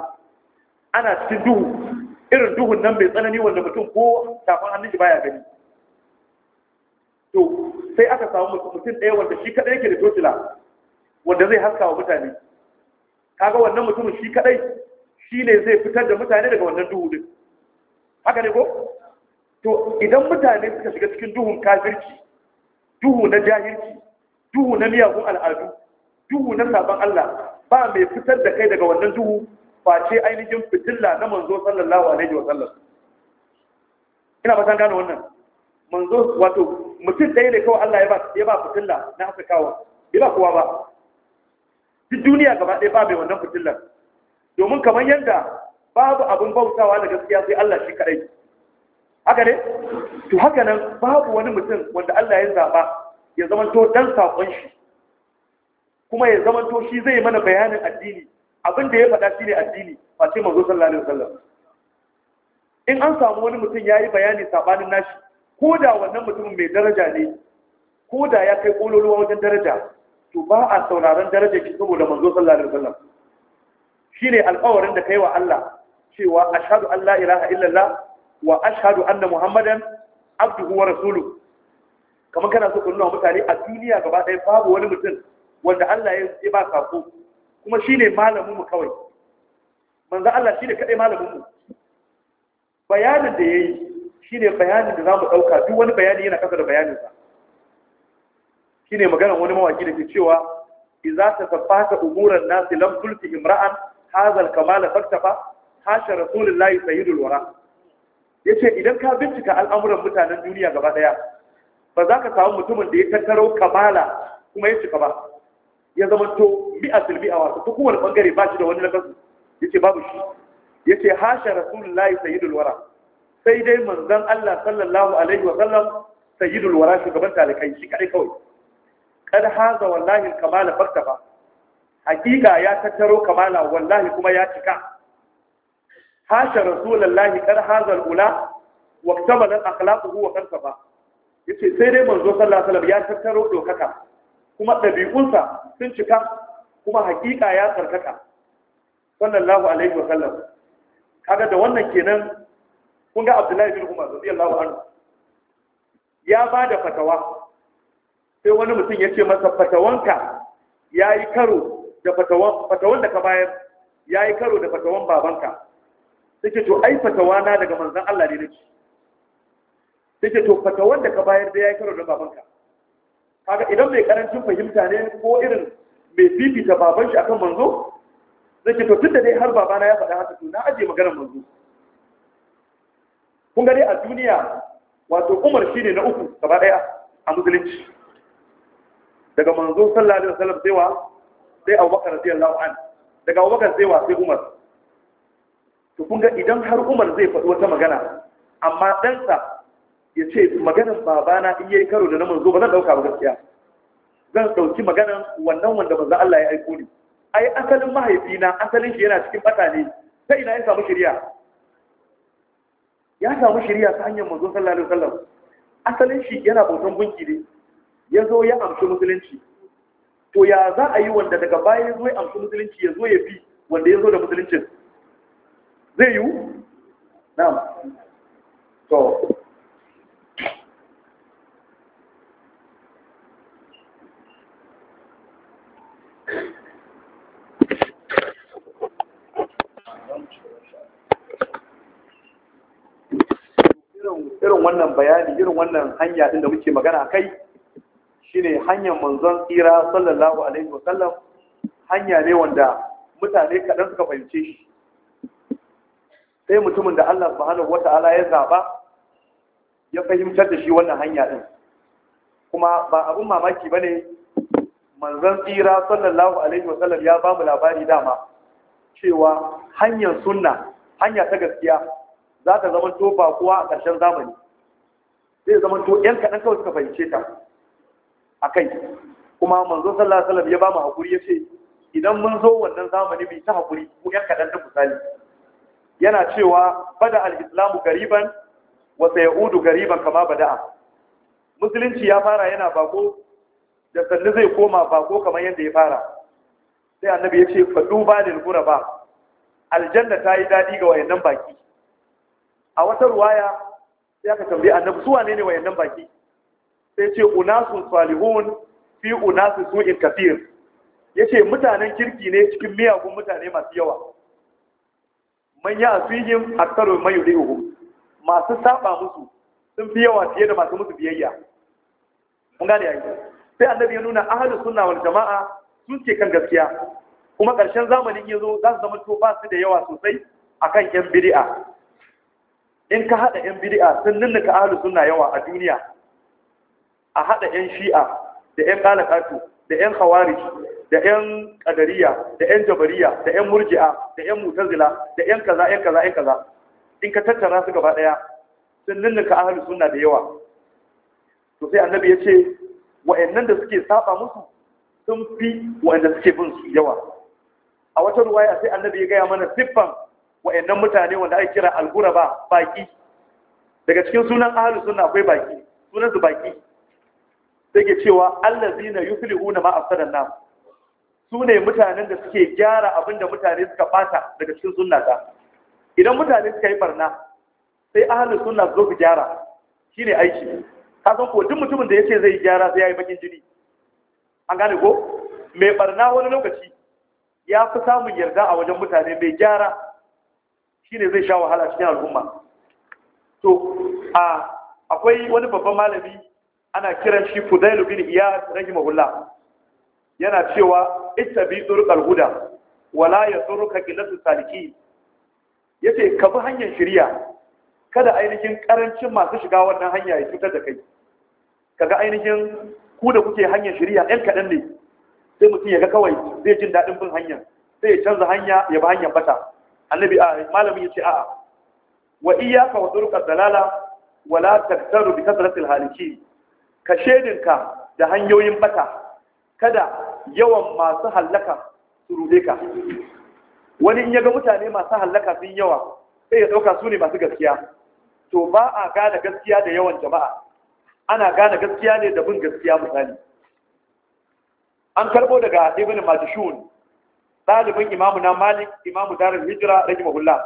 ana cikin duhu irin duhun nan mai tsanani wanda mutum ko tafin hannun shi baya gani to sai aka samu mutum ɗaya wanda shi kaɗai yake da tocila wanda zai haska wa mutane kaga wannan mutumin shi kaɗai shi ne zai fitar da mutane daga wannan duhu din haka ne ko to idan mutane suka shiga cikin duhun kafirci duhu na jahilci duhu na miyagun al'adu duhu na sabon Allah ba mai fitar da kai daga wannan duhu face ainihin fitilla na manzo sallallahu alaihi wa sallam ina ba san gano wannan manzo wato mutum ɗaya ne kawai Allah ya ba ya ba fitilla na kawo bai ba kowa ba duk duniya gaba ɗaya ba mai wannan fitillar domin kamar yadda babu abin bautawa da gaskiya sai Allah shi kadai haka ne to haka nan babu wani mutum wanda Allah ya zaba ya zamanto dan sakon shi kuma ya zamanto shi zai mana bayanin addini abin da ya faɗa shi ne addini ba sai manzo sallallahu alaihi in an samu wani mutum ya yi bayani sabanin nashi ko da wannan mutumin mai daraja ne ko da ya kai kololuwa wajen daraja to ba a sauraron darajar shi saboda manzo sallallahu alaihi wasallam shine alƙawarin da kai wa Allah cewa Ashadu an la ilaha illallah wa Ashadu anna muhammadan abduhu wa rasuluhu kamar kana so ka nuna mutane a duniya gaba ɗaya babu wani mutum wanda Allah ya ba sako kuma shi ne mu kawai manzan Allah shi ne kaɗai mu bayanin da ya yi shi ne bayanin da za mu ɗauka duk wani bayani yana kasa da bayanin Shi ne magana wani mawaki da ke cewa ta tasaffata umuran nasi lam tulti imra'an hazal kamala kamal faktafa hasha rasulullahi sayyidul ya ce idan ka bincika al'amuran mutanen duniya gaba ɗaya, ba za ka samu mutumin da ya tattaro kamala kuma ya cika ba ya zama to bi'a silbi a wasu ta kowane bangare ba shi da wani nakasu ya ce babu shi ya ce hasha rasulullahi sayyidul wara sai dai manzan Allah sallallahu alaihi wa sallam sayyidul wara shugaban talikai shi kadai kawai kad haza wallahi kamala ba. hakika ya tattaro kamala wallahi kuma ya cika hasha rasulullahi kad haza alula wa ktabala akhlaquhu wa ba. Ya ce, sai dai manzo sallallahu alaihi wa sallam ya tattaro dokaka kuma ɗabi'unsa sun cika kuma hakika ya tsarkaka sallallahu alaihi wa sallam kaga da wannan kenan kun ga Abdullahi bin Umar radiyallahu anhu ya ba da fatawa sai wani mutum ya ce masa fatawanka ya yi karo da fatawan da ka bayar ya yi karo da fatawan babanka Sai ke to ai fatawa na daga manzan Allah ne nake ke to fatawan da ka bayar da ya yi karo da babanka kaga idan mai karancin fahimta ne ko irin mai fifita baban shi akan manzo zai to tunda dai har babana ya faɗa haka to na aje maganar manzo kun ga dai a duniya wato umar shine na uku gaba daya a musulunci daga manzo sallallahu alaihi wasallam sai wa sai abubakar radiyallahu an daga abubakar sai wa sai umar to kun ga idan har umar zai faɗi wata magana amma ɗansa ya ce maganar babana in yi karo da na manzo ba zan dauka ba gaskiya zan dauki maganar wannan wanda manzo Allah ya aiko ni ai asalin mahaifina asalin shi yana cikin bata ne ta ina ya samu shari'a ya samu shari'a ta hanyar manzo sallallahu alaihi wasallam asalin shi yana bautan gunki ne ya zo ya amshi musulunci to ya za a yi wanda daga baya ya zo ya amshi musulunci ya zo ya fi wanda ya zo da musuluncin zai yiwu na'am to wannan bayani irin wannan hanya din da muke magana kai shine hanyar manzon tsira sallallahu alaihi wasallam hanya ne wanda mutane kaɗan suka fahimce shi sai mutumin da Allah subhanahu wata'ala ya zaba ya fahimtar da shi wannan hanya din kuma ba abun mamaki bane manzon tsira sallallahu alaihi wasallam ya ba mu labari dama cewa hanyar sunna hanya ta gaskiya za ta zama to ba kuwa a ƙarshen zamani Zai zama to yan kaɗan kawai suka fahimce ta a kai kuma manzo sallallahu alaihi wasallam ya ba mu hakuri ya ce idan mun zo wannan zamani bai ta hakuri ko yan kaɗan da misali yana cewa bada al gariban wa sayaudu gariban kama bada'a musulunci ya fara yana bako da sannu zai koma bako kamar yadda ya fara sai annabi ya ce fa duba lil ba. aljanna ta yi daɗi ga wayannan baki a wata ruwaya sai aka tambaye annabi su wane ne wayannan baki sai ce unasun salihun fi unasun su'in kafir yace mutanen kirki ne cikin miyagun mutane masu yawa man ya asihim aktaru man yudihu masu saba musu sun fi yawa fiye da masu musu biyayya mun gane yayi sai annabi ya nuna ahli sunna wal jamaa sun ce kan gaskiya kuma ƙarshen zamanin yazo za su zama to su da yawa sosai akan yan bid'a in ka haɗa 'yan bidi'a sun ka ahalu suna yawa a duniya a haɗa 'yan shi'a da 'yan ƙalaƙatu da 'yan Hawari, da 'yan ƙadariya da 'yan jabariya da 'yan murji'a da 'yan mutazila da 'yan kaza 'yan kaza 'yan kaza in ka tattara su gaba ɗaya sun ka ahalu suna da yawa to sai annabi ya ce wa'annan da suke saba musu sun fi wa'anda suke bin su yawa a wata ruwaya sai annabi ya gaya mana siffan wa'annan mutane wanda ake kira al ba, baki daga cikin sunan ahlus sunna akwai baki sunan su baki sai ke cewa allazina yuflihuna ma afsadan nas sune mutanen da suke gyara abinda mutane suka bata daga cikin sunna ta idan mutane suka yi barna sai ahlus sunna zo su gyara shine aiki ka san ko duk mutumin da yace zai gyara sai yayi bakin jini an gane ko mai barna wani lokaci ya fi samun yarda a wajen mutane mai gyara ne zai sha wahala cikin al'umma to akwai wani babban malami ana kiran shi Fudailu iya Iyad rahimahullah yana cewa ittabi turqal huda wala yadurruka qillatu saliki yace ka bi hanyar shari'a kada ainihin karancin masu shiga wannan hanya ya cutar da kai kaga ainihin ku da kuke hanyar shari'a ɗan kaɗan ne sai mutum ya ga kawai zai jin daɗin bin hanyar sai ya canza hanya ya bi hanyar bata annabi a malamin ce a'a wa iyyaka wa turqad dalala wala taktaru bi kasratil haliki ka shedinka da hanyoyin bata kada yawan masu hallaka su rude ka wani in yaga mutane masu hallaka sun yawa sai ya dauka su ne masu gaskiya to ba a gane gaskiya da yawan jama'a ana gane gaskiya ne da bin gaskiya misali an karbo daga ibn majshun ɗalibin imamu na malik imamu darin hijira rage mahulla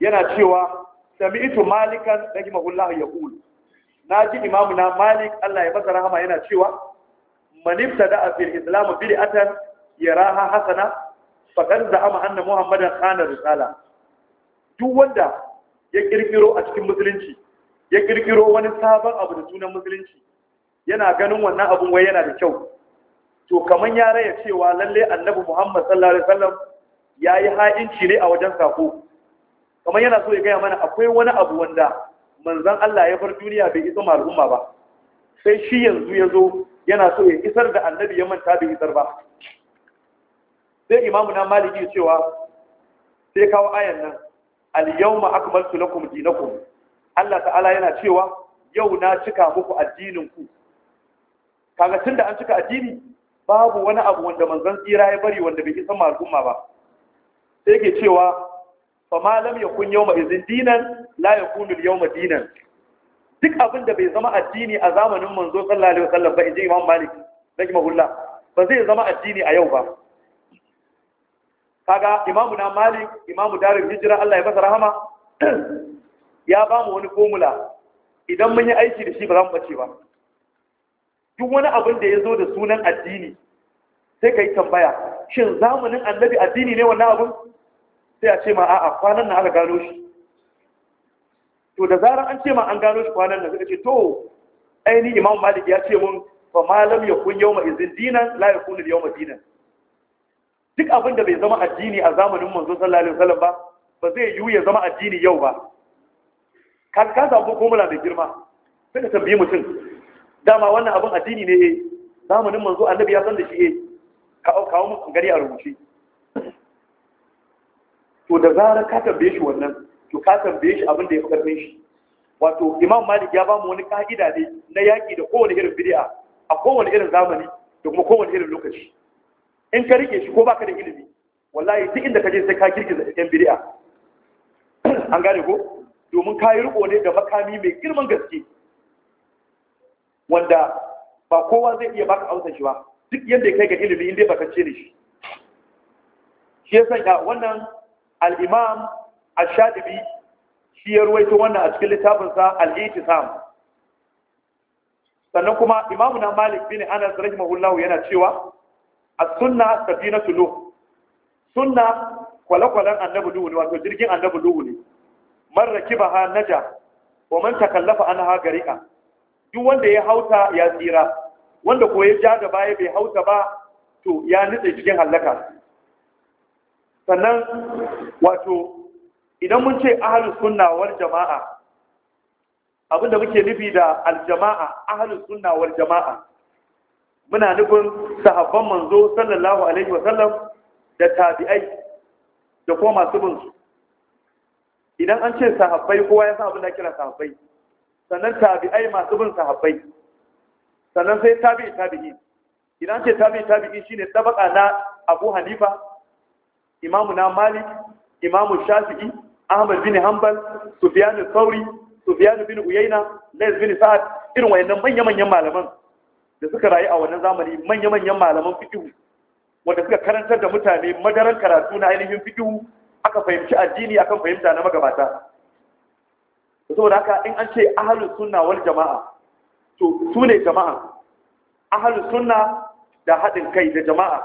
yana cewa sami ito malikan rage mahulla ya ƙul na ji imamu na malik allah ya masa rahama yana cewa manifta da afir islamu bili atan ya raha hasana faɗar da ama anna muhammadan hana risala duk wanda ya ƙirƙiro a cikin musulunci ya ƙirƙiro wani sabon abu da sunan musulunci yana ganin wannan abun wai yana da kyau to kaman ya raya cewa lalle annabi Muhammad sallallahu alaihi wasallam yayi ha'inci ne a wajen sako kaman yana so ya gaya mana akwai wani abu wanda manzon Allah ya bar duniya bai isa ma al'umma ba sai shi yanzu yazo yana so ya isar da annabi ya manta bai isar ba sai imamu na maliki cewa sai kawo ayan nan al-yawma akmaltu lakum dinakum Allah ta'ala yana cewa yau na cika muku addinin ku kaga tunda an cika addini babu wani abu wanda manzon tsira ya bari wanda bai isa al'umma ba sai ke cewa fa ya kun yau ma izin dinan la yau ma dinan duk abin da bai zama addini a zamanin manzo sallallahu alaihi wasallam ba inji imam malik rahimahullah ba zai zama addini a yau ba kaga imamu na malik imamu darul hijra Allah ya masa rahama ya ba mu wani formula idan mun yi aiki da shi ba za mu bace ba duk wani abin da ya zo da sunan addini sai ka yi tambaya shin zamanin annabi addini ne wannan abin sai a ce ma a'a kwanan na aka gano shi to da zarar an ce ma an gano shi kwanan na suka ce to aini imam malik ya ce mun ba malam ya kun yau ma'izin dinan la ya yau yawma dinan duk abin da bai zama addini a zamanin manzo sallallahu alaihi wasallam ba ba zai yiwu ya zama addini yau ba kan kasa ko kuma da girma sai ka tambayi mutum dama wannan abin addini ne eh zamanin manzo annabi ya san da shi eh kawo kawo musu gari a rubuce to da zarar ka tambaye shi wannan to ka tambaye shi abin da ya fi karfin shi wato imam malik ya ba mu wani ka'ida ne na yaki da kowane irin bid'a a kowane irin zamani da kuma kowane irin lokaci in ka rike shi ko baka da ilimi wallahi duk inda ka je sai ka girgiza ɗan bid'a an gane ko domin ka yi riko ne da makami mai girman gaske wanda ba kowa zai iya baka amsa shi ba duk yadda ya kai ga ilimi inda baka ce ne shi shi ya sanya wannan al-imam ash shi ya ruwaito wannan a cikin littafinsa al-itisam sannan kuma imamu na malik bin anas rahimahullahu yana cewa as-sunna safinatu nuh sunna kwale-kwalen annabi duhu ne wato jirgin annabi duhu ne man rakibaha naja wa man takallafa anha gariqa duk wanda ya hauta ya tsira wanda ko ya ja da baya bai hauta ba to ya nutse cikin hallaka sannan wato idan mun ce ahalus sunna wal jama'a abinda muke nufi da aljama'a ahalus sunna wal jama'a muna nufin sahabban manzo sallallahu alaihi wasallam da tabi'ai da kuma masu bin su idan an ce sahabbai kowa ya san abin da kira sahabbai sannan tabi'ai masu bin sahabbai sannan sai tabi'i tabi'i idan ce tabi'i tabi'i shine tabaka na Abu Hanifa imamu na Malik imamu Shafi'i Ahmad bin Hanbal Sufyan al-Thawri Sufyan bin Uyayna Layth bin Sa'ad irin wayannan manya-manyan malaman da suka rayu a wannan zamani manya-manyan malaman fiqh wanda suka karantar da mutane madaran karatu na ainihin fiqh aka fahimci addini akan fahimta na magabata da haka in an ce ahalus sunna wal jama'a to su ne jama'a ahalus sunna da haɗin kai da jama'a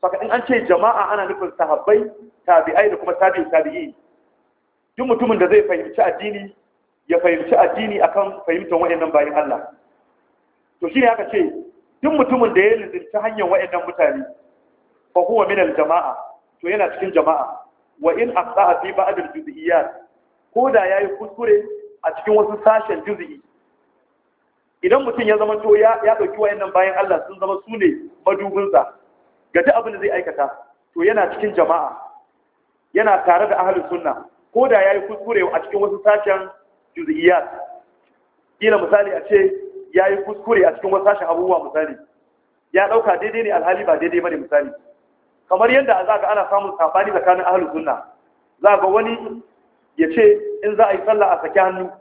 saka in an ce jama'a ana nufin sahabbai tabi'ai da kuma tabi'in tabi'i duk mutumin da zai fahimci addini ya fahimci addini akan fahimtar wayannan bayan Allah to shine aka ce duk mutumin da ya lizinta hanyar wayannan mutane fa huwa min jamaa to yana cikin jama'a wa in aqta'a fi ba'd al-juz'iyyat ko da ya yi kuskure a cikin wasu sashen juzi'i idan mutum ya zama to ya ɗauki wayannan bayan Allah sun zama su ne madubinsa ga duk abin da zai aikata to yana cikin jama'a yana tare da ahalin sunna ko da ya yi kuskure a cikin wasu sashen juzi'iyat kila misali a ce ya yi kuskure a cikin wasu sashen abubuwa misali ya ɗauka daidai ne alhali ba daidai ba ne misali kamar yadda za ga ana samun sabani tsakanin ahalin sunna za ga wani ya ce in za a yi sallah a saki hannu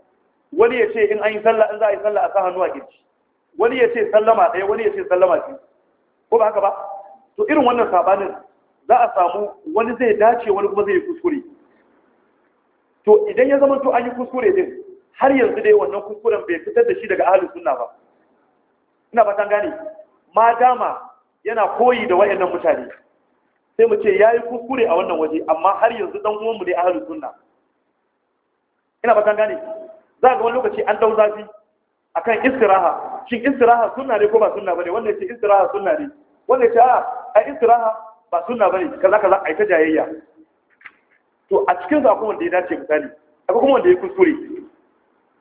wani ya ce in an yi sallah in za a yi sallah a sa hannu a girji wani ya ce sallama ɗaya wani ya ce sallama biyu ko ba haka ba to irin wannan sabanin za a samu wani zai dace wani kuma zai yi kuskure to idan ya zama to an yi kuskure din har yanzu dai wannan kuskuren bai fitar da shi daga ahlus sunna ba ina fatan gane ma dama yana koyi da wayannan mutane sai mu ce yayi kuskure a wannan waje amma har yanzu dan uwan mu ne ahalin sunna ina ba gane za ga wani lokaci an dau zafi akan istiraha shin istiraha sunna ne ko ba sunna bane wanda yace istiraha sunna ne wanda yace a a istiraha ba sunna bane kaza kaza ai ta jayayya to a cikin zakon wanda ya dace misali akwai kuma wanda ya kuskure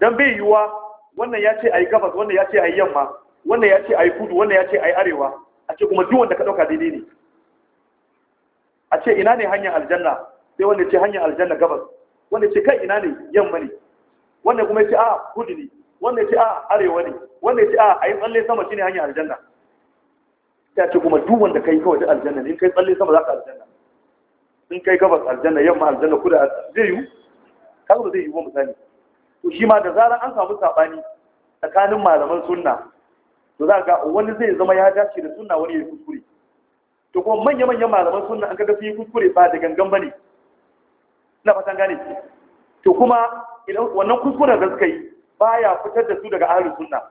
dan bai yiwa wannan ya ce ai gabas wannan ya ce ai yamma wannan ya ce ai kudu wannan ya ce ai arewa a ce kuma duk wanda ka dauka daidai ne a ce ina ne hanyar aljanna sai wanda ce hanyar aljanna gabas wanda ce kai ina ne yamma ne wanda kuma ce a kudu ne wanda ce a arewa ne wanda ce a ayi tsalle sama shine hanyar aljanna ta ce kuma duk wanda kai kawai aljanna ne in kai tsalle sama za ka aljanna in kai gabas aljanna yamma aljanna kudu zai yi da zai yi wa misali to shi ma da zarar an samu sabani tsakanin malaman sunna to za ga wani zai zama ya dace da sunna wani ya kuskure to kuma manya-manyan malaman sunna an kaga su yi kuskure ba da gangan bane ne ina fatan gane to kuma wannan kuskuren da suka yi baya fitar da su daga ahlus sunna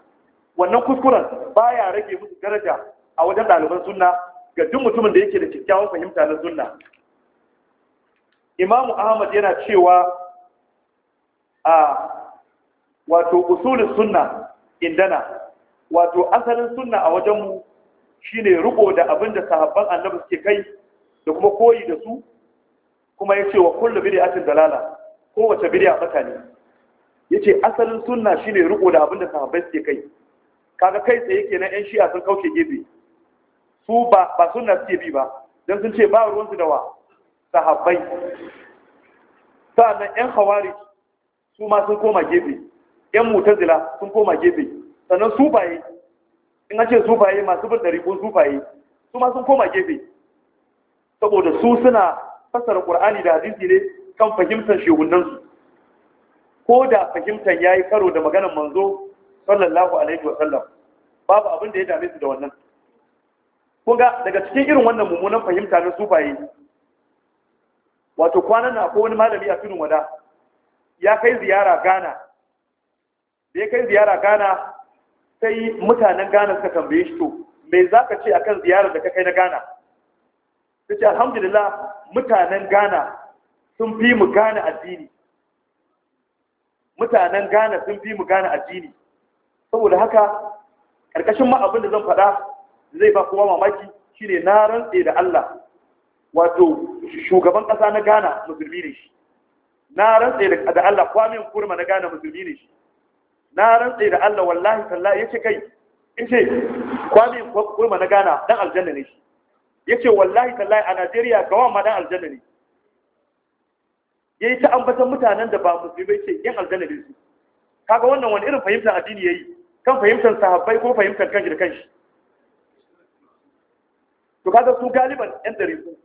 wannan kuskuren baya rage musu daraja a wajen ɗaliban sunna ga duk mutumin da yake da kyakkyawan fahimta na sunna imamu ahmad yana cewa a wato usulun sunna indana wato asalin sunna a wajenmu shine riko da abin da sahabban annabi suke kai da kuma koyi da su kuma ya ce wa kullu bid'atin dalala kowace bid'a bata ne yace asalin sunna shine riko da abinda da sahabbai suke kai kaga kai tsaye kenan yan shi'a sun kauce gefe su ba ba sunna suke bi ba dan sun ce ba ruwansu da wa sahabbai sa'annan yan hawari su ma sun koma gefe yan mutazila sun koma gefe sannan su baye in a ce su masu bin dariƙun su baye su ma sun koma gefe saboda su suna fassara ƙur'ani da hadisi ne kan fahimtar shegunan ko da fahimtar yi karo da maganar manzo sallallahu alaihi wa sallam babu abin da ya dame su da wannan kun daga cikin irin wannan mummunan fahimta na sufaye wato kwanan na ko wani malami a tudun wada ya kai ziyara Ghana da ya kai ziyara gana sai mutanen gana suka tambaye shi to me ka ce akan ziyarar da ka kai na gana ta ce alhamdulillah mutanen ghana sun fi mu gane addini mutanen ghana sun fi mu gane addini saboda haka ƙarƙashin ma abin da zan faɗa zai ba kowa mamaki shine na rantse da Allah wato shugaban ƙasa na ghana musulmi ne shi na rantse da Allah kwamin kurma na ghana musulmi ne shi na rantse da Allah wallahi tallahi yace kai yace kwamin kurma na ghana dan aljanna ne shi Ya ce wallahi tallahi a Najeriya ga ma dan aljanna ne yi ta ambatan mutanen da ba musulmai ce yin aljanna ne su kaga wannan wani irin fahimtar addini ya yi kan fahimtar sahabbai ko fahimtar kanshi da kanshi to kaga su galiban yan dare su,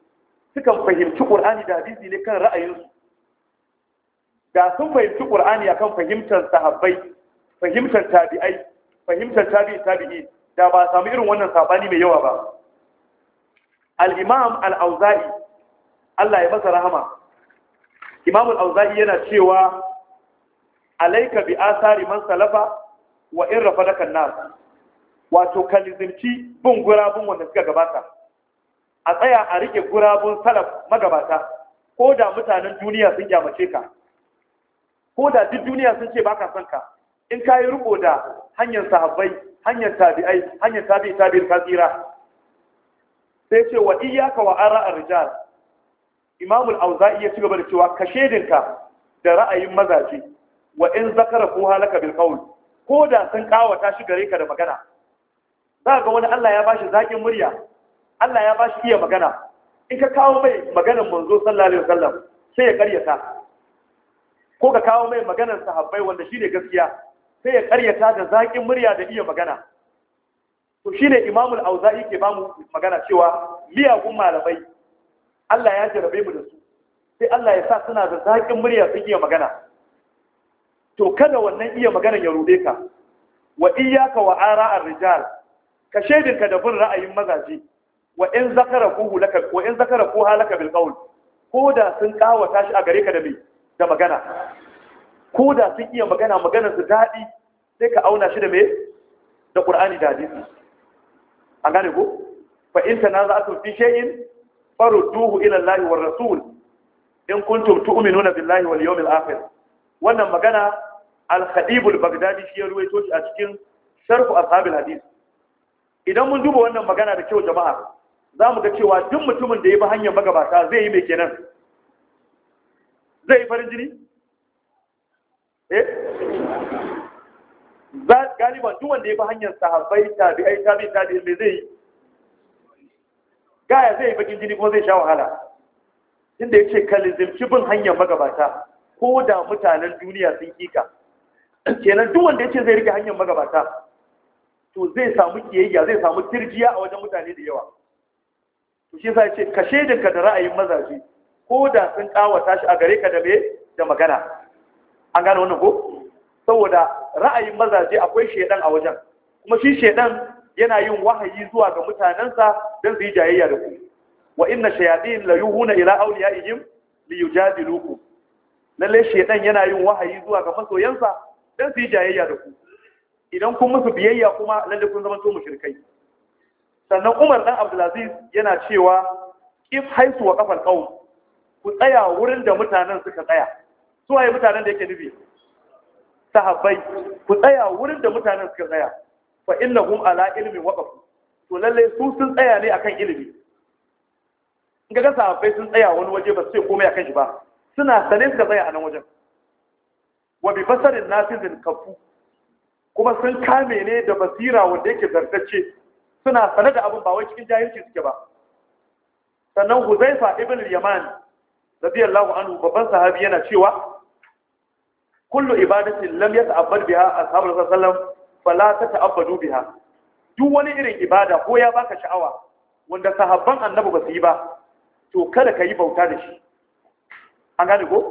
sukan fahimci Qur'ani da hadisi ne kan ra'ayinsu da sun fahimci Qur'ani akan fahimtar sahabbai fahimtar tabi'ai fahimtar tabi'i tabi'i da ba samu irin wannan sabani mai yawa ba al-imam al-auza'i Allah ya masa rahama imam al-auza'i yana cewa alaika bi asari man salafa wa in rafadaka an-nas wato kalizimci bin gurabun wanda suka gabata a tsaya a rike gurabun salaf magabata ko da mutanen duniya sun kyamace ka ko da duk duniya sun ce baka son ka in ka yi da hanyar sahabbai hanyar tabi'ai hanyar tabi'i ka kasira sai ce wa iyaka wa ara'a rijal imamu al-auza'i ya cigaba da cewa ka shedinka da ra'ayin mazaje wa in zakara ko halaka bil qawl ko da sun kawata shi gare ka da magana za ga wani Allah ya bashi zakin murya Allah ya bashi iya magana in ka kawo mai maganar manzo sallallahu alaihi wasallam sai ya karyata ko ka kawo mai maganar sahabbai wanda shine gaskiya sai ya karyata da zakin murya da iya magana to ne imamul auza'i ke bamu magana cewa miyagun malamai Allah ya jarabe mu da su sai Allah ya sa suna da zaƙin murya sun iya magana to kada wannan iya magana ya rude ka wa iyaka wa a rijal ka ka da bin ra'ayin mazaje wa in zakara kuhu laka wa in zakara kuha laka bil qawl ko da sun kawata shi a gare ka da me da magana ko da sun iya magana maganar su daɗi sai ka auna shi da me da ƙur'ani da hadisi an gane ko fa in tanaza'tum fi shay'in farudduhu ila Allahi war rasul in kuntum tu'minuna billahi wal yawmil akhir wannan magana al khadib al-baghdadi shi ya ruwaito shi a cikin sharh ashab al-hadith idan mun duba wannan magana da kyau jama'a za mu ga cewa duk mutumin da ya bi hanyar magabata zai yi mai kenan zai yi farin jini? eh galiban duk wanda ya bi hanyar sahabbai tabi'ai tabi tabi'i me zai yi gaya zai yi bakin jini kuma zai sha wahala inda ya ce kalizilci bin hanyar magabata ko da mutanen duniya sun kika kenan duk wanda ya ce zai rike hanyar magabata to zai samu kiyayya zai samu tirjiya a wajen mutane da yawa to shi yasa ce ka da ra'ayin mazaje ko da sun kawata shi a gare ka da me da magana an gane wannan ko saboda ra'ayin mazaje akwai shedan a wajen kuma shi shedan yana yin wahayi zuwa ga mutanensa don su yi jayayya da ku wa inna shayadin la yuhuna ila awliyaihim li yujadiluku lalle shedan yana yin wahayi zuwa ga masoyansa don su yi jayayya da ku idan kun musu biyayya kuma lalle kun zama to mushrikai sannan Umar dan Abdulaziz yana cewa if haisu wa kafal qaum ku tsaya wurin da mutanen suka tsaya su waye mutanen da yake nufi sahabbai ku tsaya wurin da mutanen suka tsaya fa innahum ala ilmi waqafu to lalle su sun tsaya ne akan ilimi in ga sahabbai sun tsaya wani waje ba sai komai akan shi ba suna sane suka tsaya a nan wajen wa bi basarin nasizin kafu kuma sun kame ne da basira wanda yake zartacce suna sane da abin ba wai cikin jahilci suke ba sannan huzaifa ibn yaman radiyallahu anhu babban sahabi yana cewa kullu ibadatin lam yata'abbad biha ashabu rasul sallam fala tata'abbadu biha duk wani irin ibada ko ya baka sha'awa wanda sahabban annabi ba su yi ba to kada ka yi bauta da shi an gane ko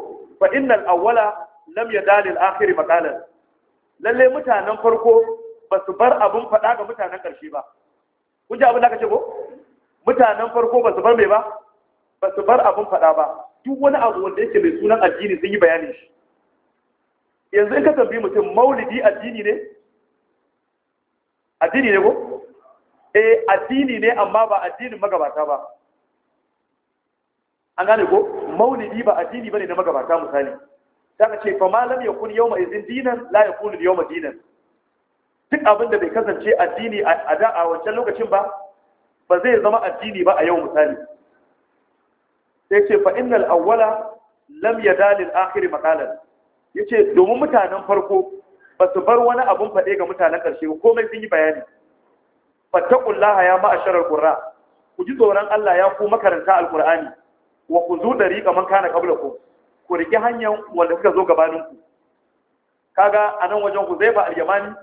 fa innal awwala lam yadal al akhir maqalan lalle mutanen farko ba su bar abun fada ga mutanen karshe ba kun ji abin da ce ko mutanen farko ba su bar mai ba ba su bar abun fada ba duk wani abu wanda yake mai sunan addini sun yi bayani shi yanzu in ka tambi mutum maulidi addini ne addini ne ko eh addini ne amma ba addinin magabata ba an gane ko maulidi ba addini bane na magabata misali saka ce fa malam yau mai izin dinan la yau mai dinan duk abin da bai kasance addini a da a wancan lokacin ba ba zai zama addini ba a yau misali sai ce fa innal awwala lam yadal al akhir maqalan ya ce domin mutanen farko ba su bar wani abun faɗe ga mutanen ƙarshe ko komai sun yi bayani fattakullaha ya sharar qurra ku ji tsoron Allah ya ku makaranta alqur'ani wa ku zu dariqa man kana kabla ku ku riki hanyar wanda suka zo gabanin ku kaga anan wajen ku zai ba aljamani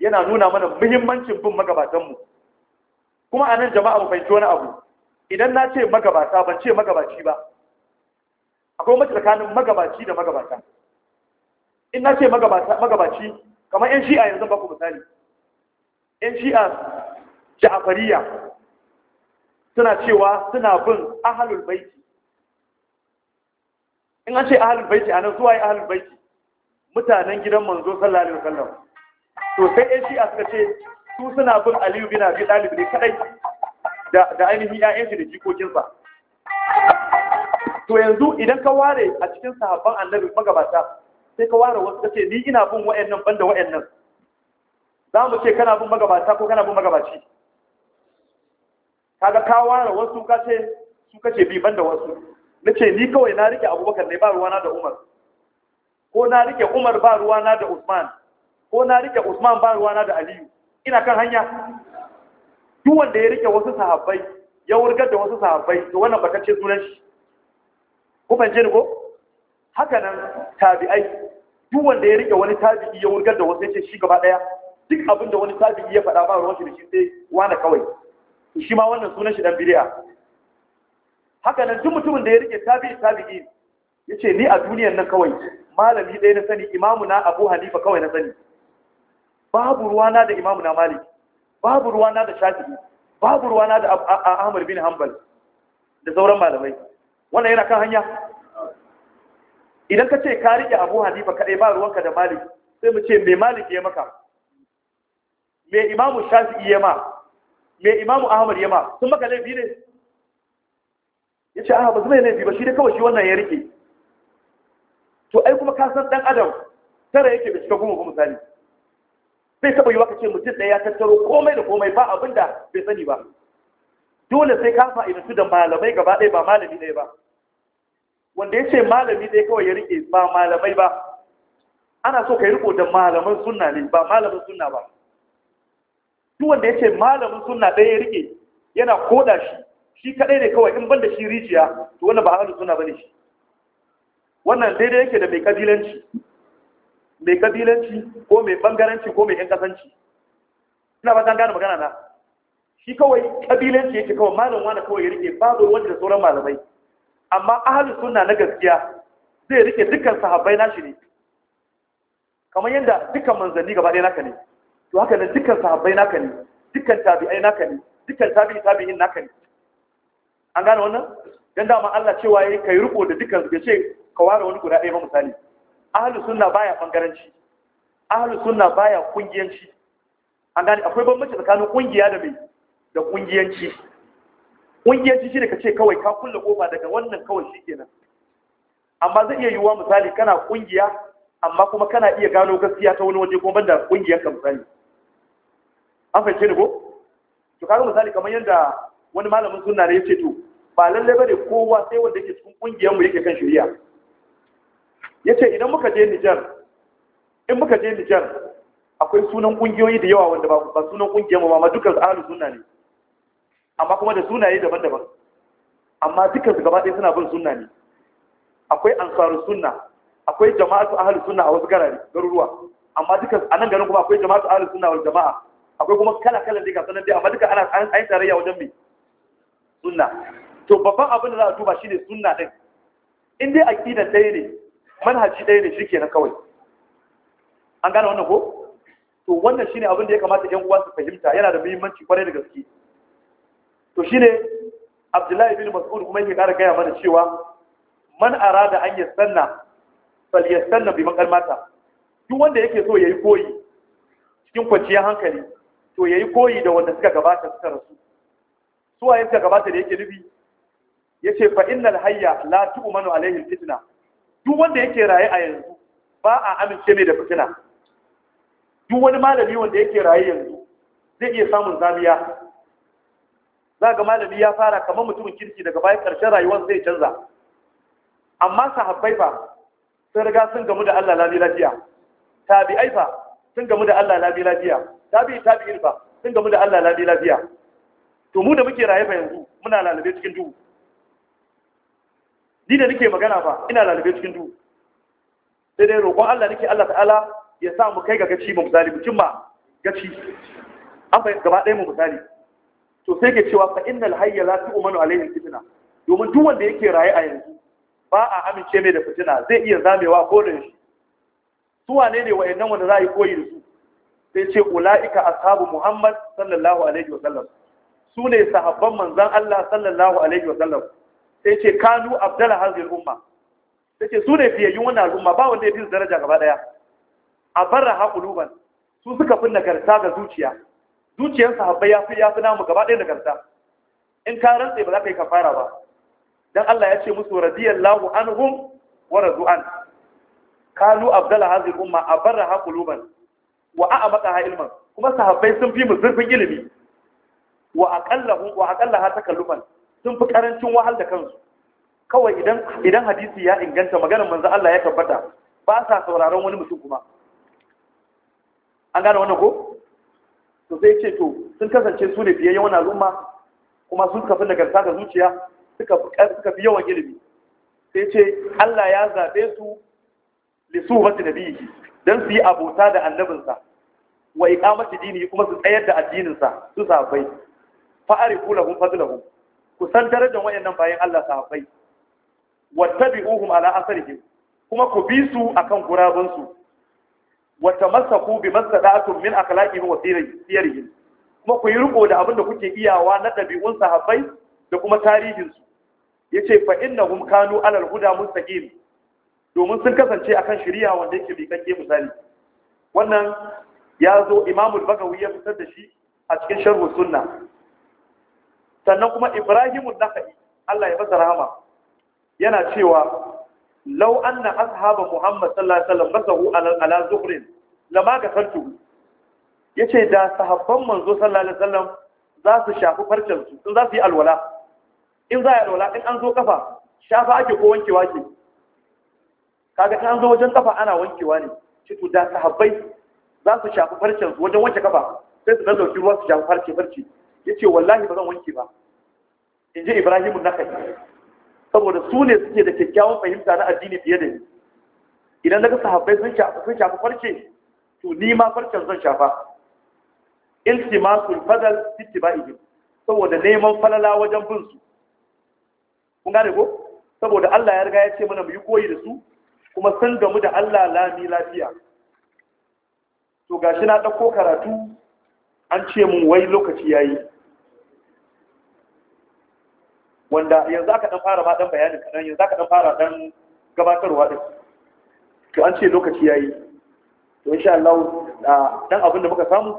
yana nuna mana muhimmancin bin magabatan mu kuma anan jama'a mu fahimci wani abu idan na ce magabata ban ce magabaci ba akwai mace tsakanin magabaci da magabata in na ce magabaci kamar yan shi'a yanzu ba ku misali yan shi'a ja'afariya suna cewa suna bin ahalul baiti in an ce ahalul baiti a nan zuwa yi ahalul baiti mutanen gidan manzo sallallahu alaihi wasallam to sai yan shi'a suka ce su suna bin aliyu bin abi talib ne kadai da ainihin ya'yan shi da jikokinsa to yanzu idan ka ware a cikin sahabban annabi magabata sai ka ware wasu kace ni ina bin wa'annan banda wa'annan za mu ce kana bin magabata ko kana bin magabaci kaga ka ware wasu kace su kace bi banda wasu nace ni kawai na rike Abubakar ne ba ruwana da Umar ko na rike Umar ba ruwana da Usman ko na rike Usman ba ruwana da Aliyu ina kan hanya duk wanda ya rike wasu sahabbai ya wurgar da wasu sahabbai to wannan ce sunan shi ku je ni ko Hakanan nan tabi'ai duk wanda ya rike wani tabi'i ya wurgar da wasu ya ce shi gaba ɗaya duk abin da wani tabi'i ya faɗa ba ruwan shi da shi sai wani kawai shi ma wannan sunan shi dan bidiya haka duk mutumin da ya rike tabi'i tabi'i ya ce ni a duniyar nan kawai malami ɗaya na sani imamu na abu hanifa kawai na sani babu ruwana da imamu na malik babu ruwana da shafi'i babu ruwana da ahmad bin hanbal da sauran malamai wannan yana kan hanya idan ka ce ka rike abu hanifa kadai ba ruwanka da malik sai mu ce mai malik ya maka mai imamu shafi'i ya ma mai imamu ahmad ya ma sun maka laifi ne ya ce aha ba zai laifi ba shi da kawai shi wannan ya rike to ai kuma ka san dan adam tara yake da shiga kuma misali Sai taɓa yi waka ce mutum ɗaya ya tattaro komai da komai ba abin da bai sani ba dole sai ka fa'idantu da malamai gaba ɗaya ba malami ɗaya ba wanda ya ce malami ne kawai ya rike ba malamai ba ana so ka yi riko da malaman sunna ne ba malamin sunna ba shi wanda ya ce malamin sunna ɗaya ya rike yana koda shi shi kaɗai ne kawai in banda shi rijiya to wannan ba suna ba ne shi wannan daidai yake da mai kabilanci mai kabilanci ko mai bangaranci ko mai yan kasanci ina ba zan gane magana na shi kawai kabilanci yake kawai malam wani kawai ya rike babu wanda da sauran malamai amma ahal sunna na gaskiya zai rike dukkan sahabbai nashi ne kamar yadda dukkan manzanni gaba ɗaya naka ne to haka nan dukkan sahabbai naka ne dukkan tabi'ai naka ne dukkan tabi'i tabi'in naka ne an gane wannan dan ma Allah cewa yayi kai riko da dukkan su ce ka ware wani guda ɗaya ba misali ahlus sunna baya bangaranci ahlus sunna baya kungiyanci an gane akwai bambanci tsakanin kungiya da mai da kungiyanci ƙungiyanci shi ne ka ce kawai ka kulle ƙofa daga wannan kawai shi kenan amma zai iya yiwuwa misali kana ƙungiya amma kuma kana iya gano gaskiya ta wani waje kuma banda ƙungiyar ka misali an fahimce ni ko to kaga misali kamar yadda wani malamin sunna ne ya ce to ba lallai bane kowa sai wanda yake cikin ƙungiyar mu yake kan shari'a yace idan muka je Nijar in muka je Nijar akwai sunan ƙungiyoyi da yawa wanda ba sunan ƙungiyar mu ba ma dukkan ahlus sunna ne amma kuma da sunaye daban-daban amma dukkan su gaba ɗaya suna bin sunna ne akwai ansarus sunna akwai jama'atu ahlus sunna a wasu garare garuruwa amma dukkan a nan garin kuma akwai jama'atu ahlus sunna wal jama'a akwai kuma kala kala da nan dai amma duka ana an ayi tarayya wajen mai sunna to babban abin da za a duba shine sunna din in dai aqida ɗaya ne manhaji ɗaya ne na kawai an gane wannan ko to wannan shine abin da ya kamata ƴan uwa su fahimta yana da muhimmanci kwarai da gaske to shi ne abdullahi bin mas'ud kuma yake kara gaya mana cewa man arada an yasanna fal yasanna bi makar kalmata duk wanda yake so yayi koyi cikin kwanciyar hankali to yayi koyi da wanda suka gabata suka rasu su waye suka gabata da yake nufi yace fa innal hayya la tu'manu alaihi fitna duk wanda yake raye a yanzu ba a amince mai da fitina duk wani malami wanda yake raye yanzu zai iya samun zamiya za ga malami ya fara kamar mutumin kirki daga bayan ƙarshen rayuwar zai canza amma sahabbai ba sun riga sun gamu da Allah labi lafiya tabi'ai fa sun gamu da Allah labi lafiya tabi'i tabi'in fa sun gamu da Allah labi lafiya to mu da muke raye fa yanzu muna lalube cikin duhu ni da nake magana fa ina lalube cikin duhu sai dai roƙon Allah nake Allah ta'ala ya sa mu kai ga gaci mu zalimi cin ma gaci an bai gaba ɗaya mu misali to sai ke cewa fa inna alhayya la tu'manu alayhi fitna domin duk wanda yake raye a yanzu ba a amince mai da fitina zai iya zamewa ko da shi su wane ne wayannan wanda za a yi koyi da su sai ce ula'ika ashabu muhammad sallallahu alaihi wa sallam su ne sahabban manzan Allah sallallahu alaihi wa sallam sai ce kanu abdala hazil umma sai ce su ne fiyayyun wannan al'umma ba wanda ya fi daraja gaba daya a barra haquluban su suka fi nagarta ga zuciya Zuciyar sahabbai ya fi ya fi namu gaba ɗaya nagarta in ka rantse ba za ka yi kafara ba dan Allah ya ce musu radiyallahu anhum wa radu'an Kanu abdala hadhihi umma abarraha quluban wa ha ilman kuma sahabbai sun fi mu zurfin ilimi wa aqallahu wa aqallaha sun fi karancin wahal da kansu kawai idan idan hadisi ya inganta maganar manzo Allah ya tabbata ba sa sauraron wani mutum kuma an gane wannan ko to zai ce to sun kasance su ne fiye yawan al'umma kuma sun da nagarta ga zuciya suka fi yawan ilimi sai ce Allah ya zaɓe su su wata biyu don su yi abota da annabinsa wa iqamati dini kuma su tsayar da addininsa su sahabbai fa arifu lahum fadlahum ku san darajar wayannan bayan Allah sahabbai wattabi'uhum ala asrihim kuma ku bi su akan guraben su wata masaku bi masada'atun min akhlaqihim kuma ku yi riko da abin da kuke iyawa na ɗabi'un sahabbai da kuma tarihinsu yace fa innahum kanu alal huda mustaqim domin sun kasance kan shirya wanda yake bikakke misali wannan ya zo imamul bagawi ya fitar da shi a cikin sharhu sunna sannan kuma ibrahimun nakhai Allah ya basa rahama yana cewa law anna ashaba muhammad sallallahu alaihi wasallam masahu ala zuhrin lama ga kantu yace da sahabban manzo sallallahu alaihi wasallam za su shafi farcen su in za su yi alwala in za a yi alwala in an zo kafa shafa ake ko wankewa ke kaga in an zo wajen kafa ana wankewa ne ce to da sahabbai za su shafi farcen su wajen wanke kafa sai su da dauki ruwa su shafi farce farce yace wallahi ba zan wanke ba in ji ibrahimu kai. saboda su ne suke da kyakkyawan fahimta na addini fiye da ni idan daga sahabbai sun shafi farce to ni ma farkon zan shafa iltimasul fadal ittiba'ihim saboda neman falala wajen bin su kun gane ko saboda Allah ya riga ya ce mana mu yi koyi da su kuma sun gamu da Allah lami lafiya to gashi na dauko karatu an ce mun wai lokaci yayi wanda yanzu aka dan fara ma dan bayanin kadan yanzu aka dan fara dan gabatarwa din to an ce lokaci yayi to insha Allah dan abin da muka samu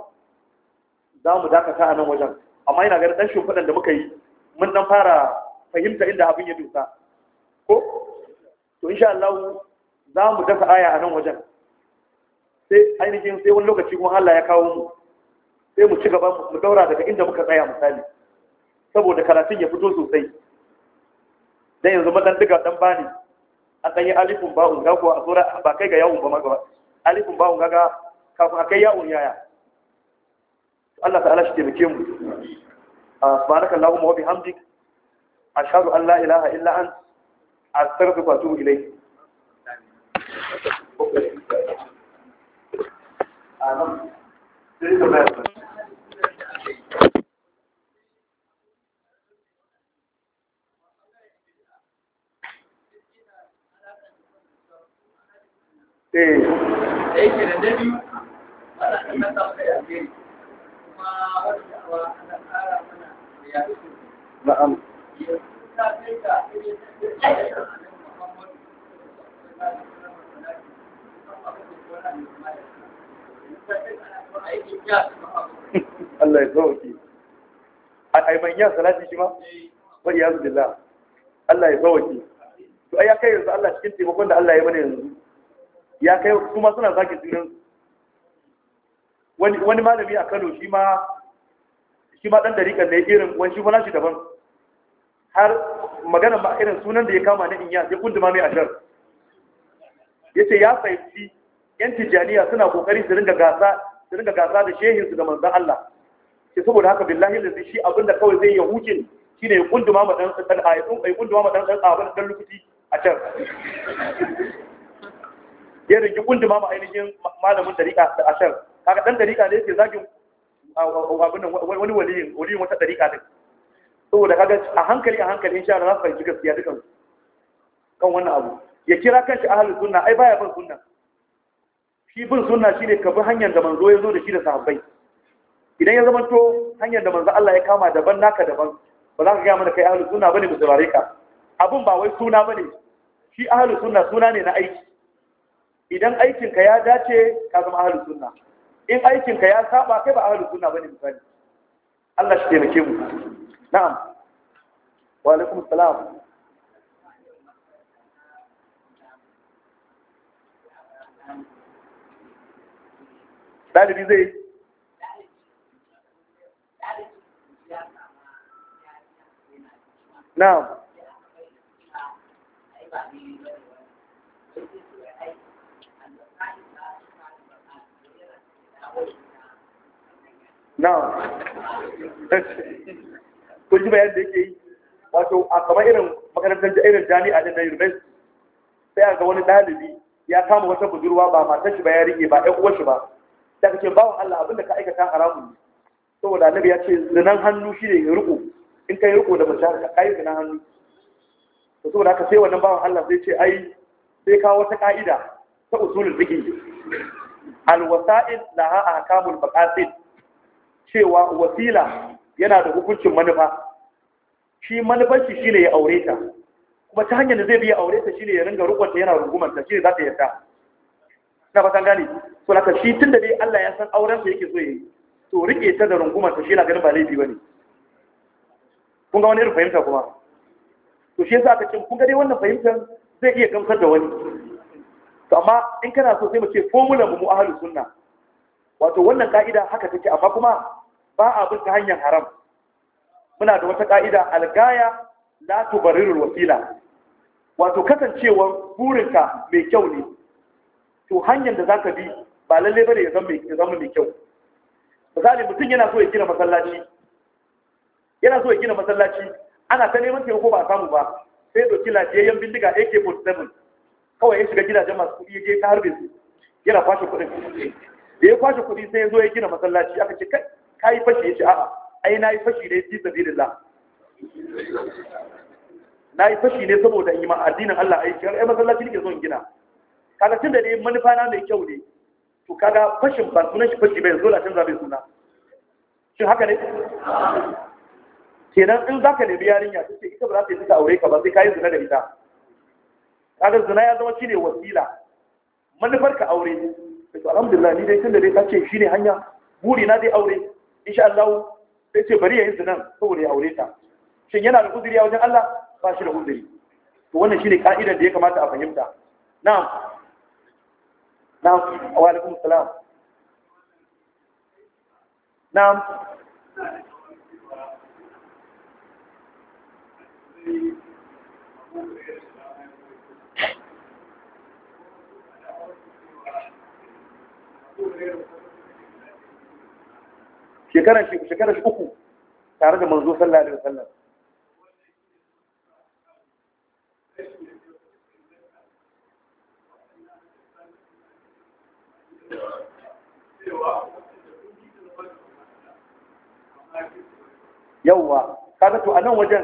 za mu dakata a nan wajen amma yana ganin dan shimfiɗan da muka yi mun dan fara fahimta inda abin ya dusa ko to insha Allah za mu dasa aya a nan wajen sai ainihin sai wani lokaci kuma Allah ya kawo mu sai mu ci gaba mu daura daga inda muka tsaya misali saboda karatun ya fito sosai dan yanzu madan diga dan bani an kan yi alifun ba'un ga kuwa a tsora ba kai ga yawun ba magaba alifin bawon gaga kafin akai ya'un yaya Allah ta'ala shi taimake mu ah, subhanaka allahumma wa bihamdik ashhadu an la ilaha illa ant astaghfiruka wa atubu ilayk Thank eh. you. da yake da dabi ana da yake kuma wani mana da Allah ya sauke. Ai ban shi ma? Wani ya Allah ya sauke. To ai ya kai yanzu Allah cikin taimakon da Allah ya mana yanzu. ya kai kuma suna zagin junansu wani malami a kano shi ma shi ma ɗan dariƙar ne irin wani shi wani shi daban har magana ma irin sunan da ya kama na inya ya ma mai ajar ya ce ya fahimci yan tijjaniya suna kokari su ringa gasa da shehin su da manzan Allah ke saboda haka billahi lazi shi abinda kawai zai ya huce ne shine ya kunduma ma dan dan ayatun ya kunduma ma dan dan dan lukuti a can ya rigi gunduma ma ainihin malamin dariƙa da ashar kaga ɗan dariƙa ne yake zagin abin wani waliyin waliyin wata dariƙa din saboda kaga a hankali a hankali insha Allah za su fahimci gaskiya dukan kan wannan abu ya kira kanshi ahlus sunna ai baya bin sunna shi bin sunna shine ka bi hanyar da manzo ya zo da shi da sahabbai idan ya zamanto hanyar da manzo Allah ya kama daban naka daban ba za ka ga mana kai ahlus sunna bane mu saurare ka abun ba wai suna bane shi ahlus sunna suna ne na aiki idan aikinka ya dace ka zama ahalin sunna in aikinka ya saba kai ba ahlus sunna bane misali Allah shi taimake mu na'am wa alaikum salam dalibi zai na'am na'am ko ji bayan da yake yi wato a kamar irin makarantar da irin jami'a da university sai a ga wani ɗalibi ya kama wata budurwa ba matar shi ba ya rike ba ɗan uwarsa ba da kace bawan Allah abinda ka aikata haramun ne saboda annabi ya ce zinan hannu ne ya riko in kai riko da mace ka kai zinan hannu to saboda haka sai wannan bawan Allah sai ce ai sai kawo wata ka'ida ta usulul fiqh al wasa'il laha ahkamul maqasid cewa wasila yana da hukuncin manufa shi manufarci ne ya aure ta kuma ta hanyar da zai biya aure ta shi ne ya ringa rukunta yana rungumanta ne za ta yarda na fatan gane so laka shi tun da dai Allah ya san auren sa yake so yi, to rike ta da rungumanta shi na ganin ba laifi ne. kun ga wani irin fahimta kuma to shi yasa aka ce kun ga dai wannan fahimtar zai iya gamsar da wani to amma in kana so sai mu ce formula mu mu ahlus sunna wato wannan ka'ida haka take amma kuma ba a bin ta hanyar haram muna da wata ka'ida algaya la tubarirul wasila wato kasancewar burinka mai kyau ne to hanyar da zaka bi ba lalle bane ya zama ya zama mai kyau misali mutum yana so ya gina masallaci yana so ya gina masallaci ana ta neman taimako ba a samu ba sai ya dauki lafiyayyen bindiga AK47 kawai ya shiga gidajen masu kuɗi ya je ta harbe su yana kwashe kuɗin da ya kwashe kuɗi sai ya zo ya gina masallaci aka ce ka yi fashi ya ce a'a ai na yi fashi ne fi sabilillah na yi fashi ne saboda in yi ma addinin Allah aiki har ai masallaci nake zo in gina kaga tunda ne manufa na mai kyau ne to kaga fashin ba sunan shi fashi bai zo la canza bai suna shin haka ne kenan in zaka nemi yarinya ta ita ba za ta yi ta aure ka ba sai ka yi zina da ita kaga zina ya zama shine wasila manufar ka aure to alhamdulillah ni dai tunda dai ka ce ne hanya buri na dai aure insha Allah sai ce bari yayin zinan saboda ya aure ta shin yana da uzuri a wajen Allah ba shi da uzuri to wannan shine ka'idar da ya kamata a fahimta na'am na'am wa alaikum salam na'am shekarar shi shekarar shi uku tare da manzo sallallahu alaihi wasallam yawa kaga to anan wajen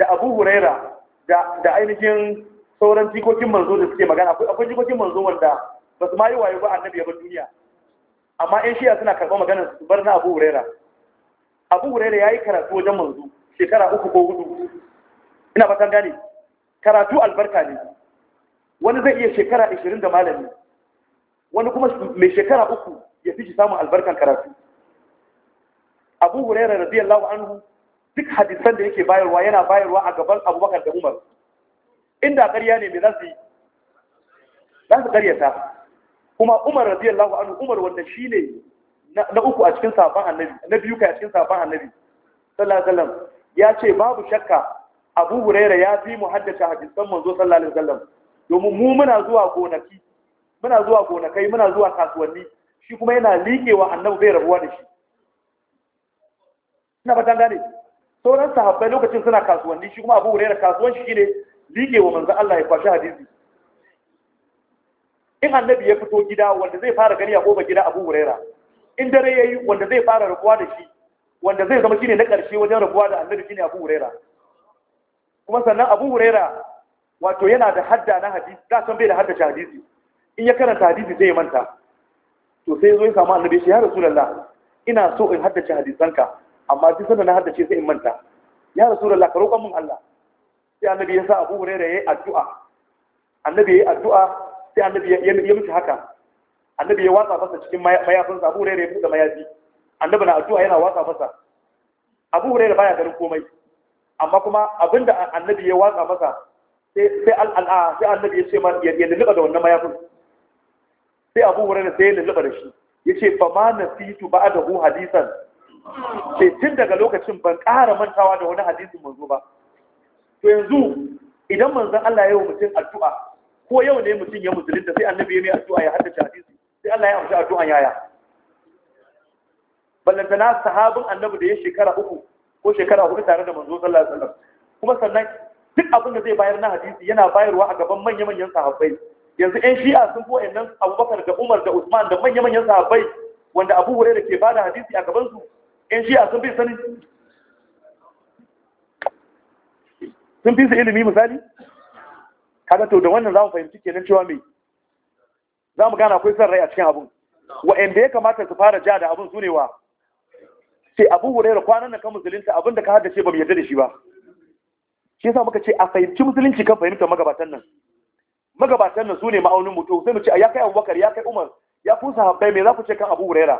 da Abu Huraira da da ainihin sauran jikokin manzo da suke magana akwai jikokin manzo wanda ba su ma yi wayo ba annabi ya bar duniya amma ƴan shiya suna karɓar magana su bar na abu wurera abu wurera ya yi karatu wajen manzu shekara uku ko hudu ina fatan gane karatu albarka ne wani zai iya shekara ashirin da malami wani kuma mai shekara uku ya fi shi samun albarkan karatu abu huraira radiyallahu anhu duk hadisan da yake bayarwa yana bayarwa a gaban abubakar da umar inda ƙarya ne mai za su yi za su ƙaryata kuma umar radiyallahu anhu umar wanda shine na uku a cikin sabon annabi na biyu kai a cikin safan annabi sallallahu alaihi wasallam ya ce babu shakka abu huraira ya fi mu haddace hadisan manzo sallallahu alaihi wasallam domin mu muna zuwa gonaki muna zuwa gonakai muna zuwa kasuwanni shi kuma yana liƙewa annabi bai rabuwa da shi ina fatan gane sauran sahabbai lokacin suna kasuwanni shi kuma abu huraira kasuwan shi ne liƙewa manzo Allah ya kwashi hadisi in annabi ya fito gida wanda zai fara gani a ƙofar gida abu huraira in dare ya yi wanda zai fara rabuwa da shi wanda zai zama shine na ƙarshe wajen rabuwa da annabi shine abu huraira kuma sannan abu huraira wato yana da hadda na hadisi da san bai da hadda hadisi in ya karanta hadisi zai manta to sai zo ya samu annabi shi ya rasulullah ina so in haddace hadisanka amma duk sanda na shi sai in manta ya rasulullah ka roƙon min Allah sai annabi ya sa abu huraira yayi addu'a annabi yayi addu'a sai annabi ya mutu haka annabi ya watsa masa cikin mayafin Abu Hurairah ya buɗe mayafi annabi na addu'a yana watsa masa Abu Hurairah baya ganin komai amma kuma abinda annabi ya watsa masa sai sai al'a sai annabi ya ce ma ya lulluba da wannan mayafin sai Abu Hurairah sai ya lulluba da shi yace fa ma nasitu ba'dahu hadisan sai tun daga lokacin ban ƙara mantawa da wani hadisin manzo ba to yanzu idan manzon Allah ya yi wa mutum addu'a ko yau ne mutum ya musulunta sai annabi ya mai addu'a ya haddace hadisi sai Allah ya amsa addu'a yaya na sahabin annabi da ya shekara uku ko shekara hudu tare da manzo sallallahu alaihi wasallam kuma sannan duk abin da zai bayar na hadisi yana bayarwa a gaban manya-manyan sahabbai yanzu ƴan shi'a sun fi nan abubakar da umar da usman da manya-manyan sahabbai wanda abu hure da ke ba da hadisi a gabansu Ƴan shi'a sun fi sani sun fi su ilimi misali kaga to da wannan za mu fahimci kenan cewa me za mu gana akwai son rai a cikin abun wa'anda ya kamata su fara ja da abun su wa ce abu hurairu kwanan da kan musulunta abin da ka haddace ba mu yarda da shi ba shi yasa muka ce a fahimci musulunci kan fahimtar magabatan nan magabatan nan su ne ma'aunin to sai mu ce ya kai abubakar ya kai umar ya fi sahabbai me za ku ce kan abu huraira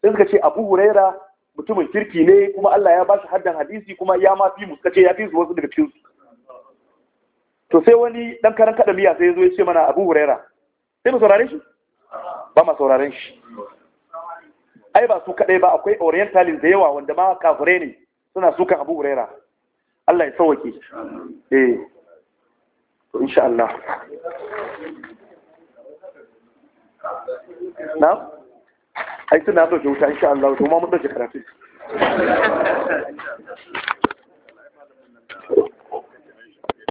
sai suka ce abu huraira mutumin kirki ne kuma allah ya ba shi haddan hadisi kuma ya ma fi mu suka ce ya fi su wasu daga cikin su to sai wani dan karan kada miya sai yazo ya ce mana Abu Huraira sai mu saurare shi ba ma sauraren shi ai ba su kadai ba akwai orientalin da yawa wanda ma kafure ne suna sukan Abu Huraira Allah ya sauke eh to insha Allah na ai suna so ki wuta insha Allah to ma mun dauke karatu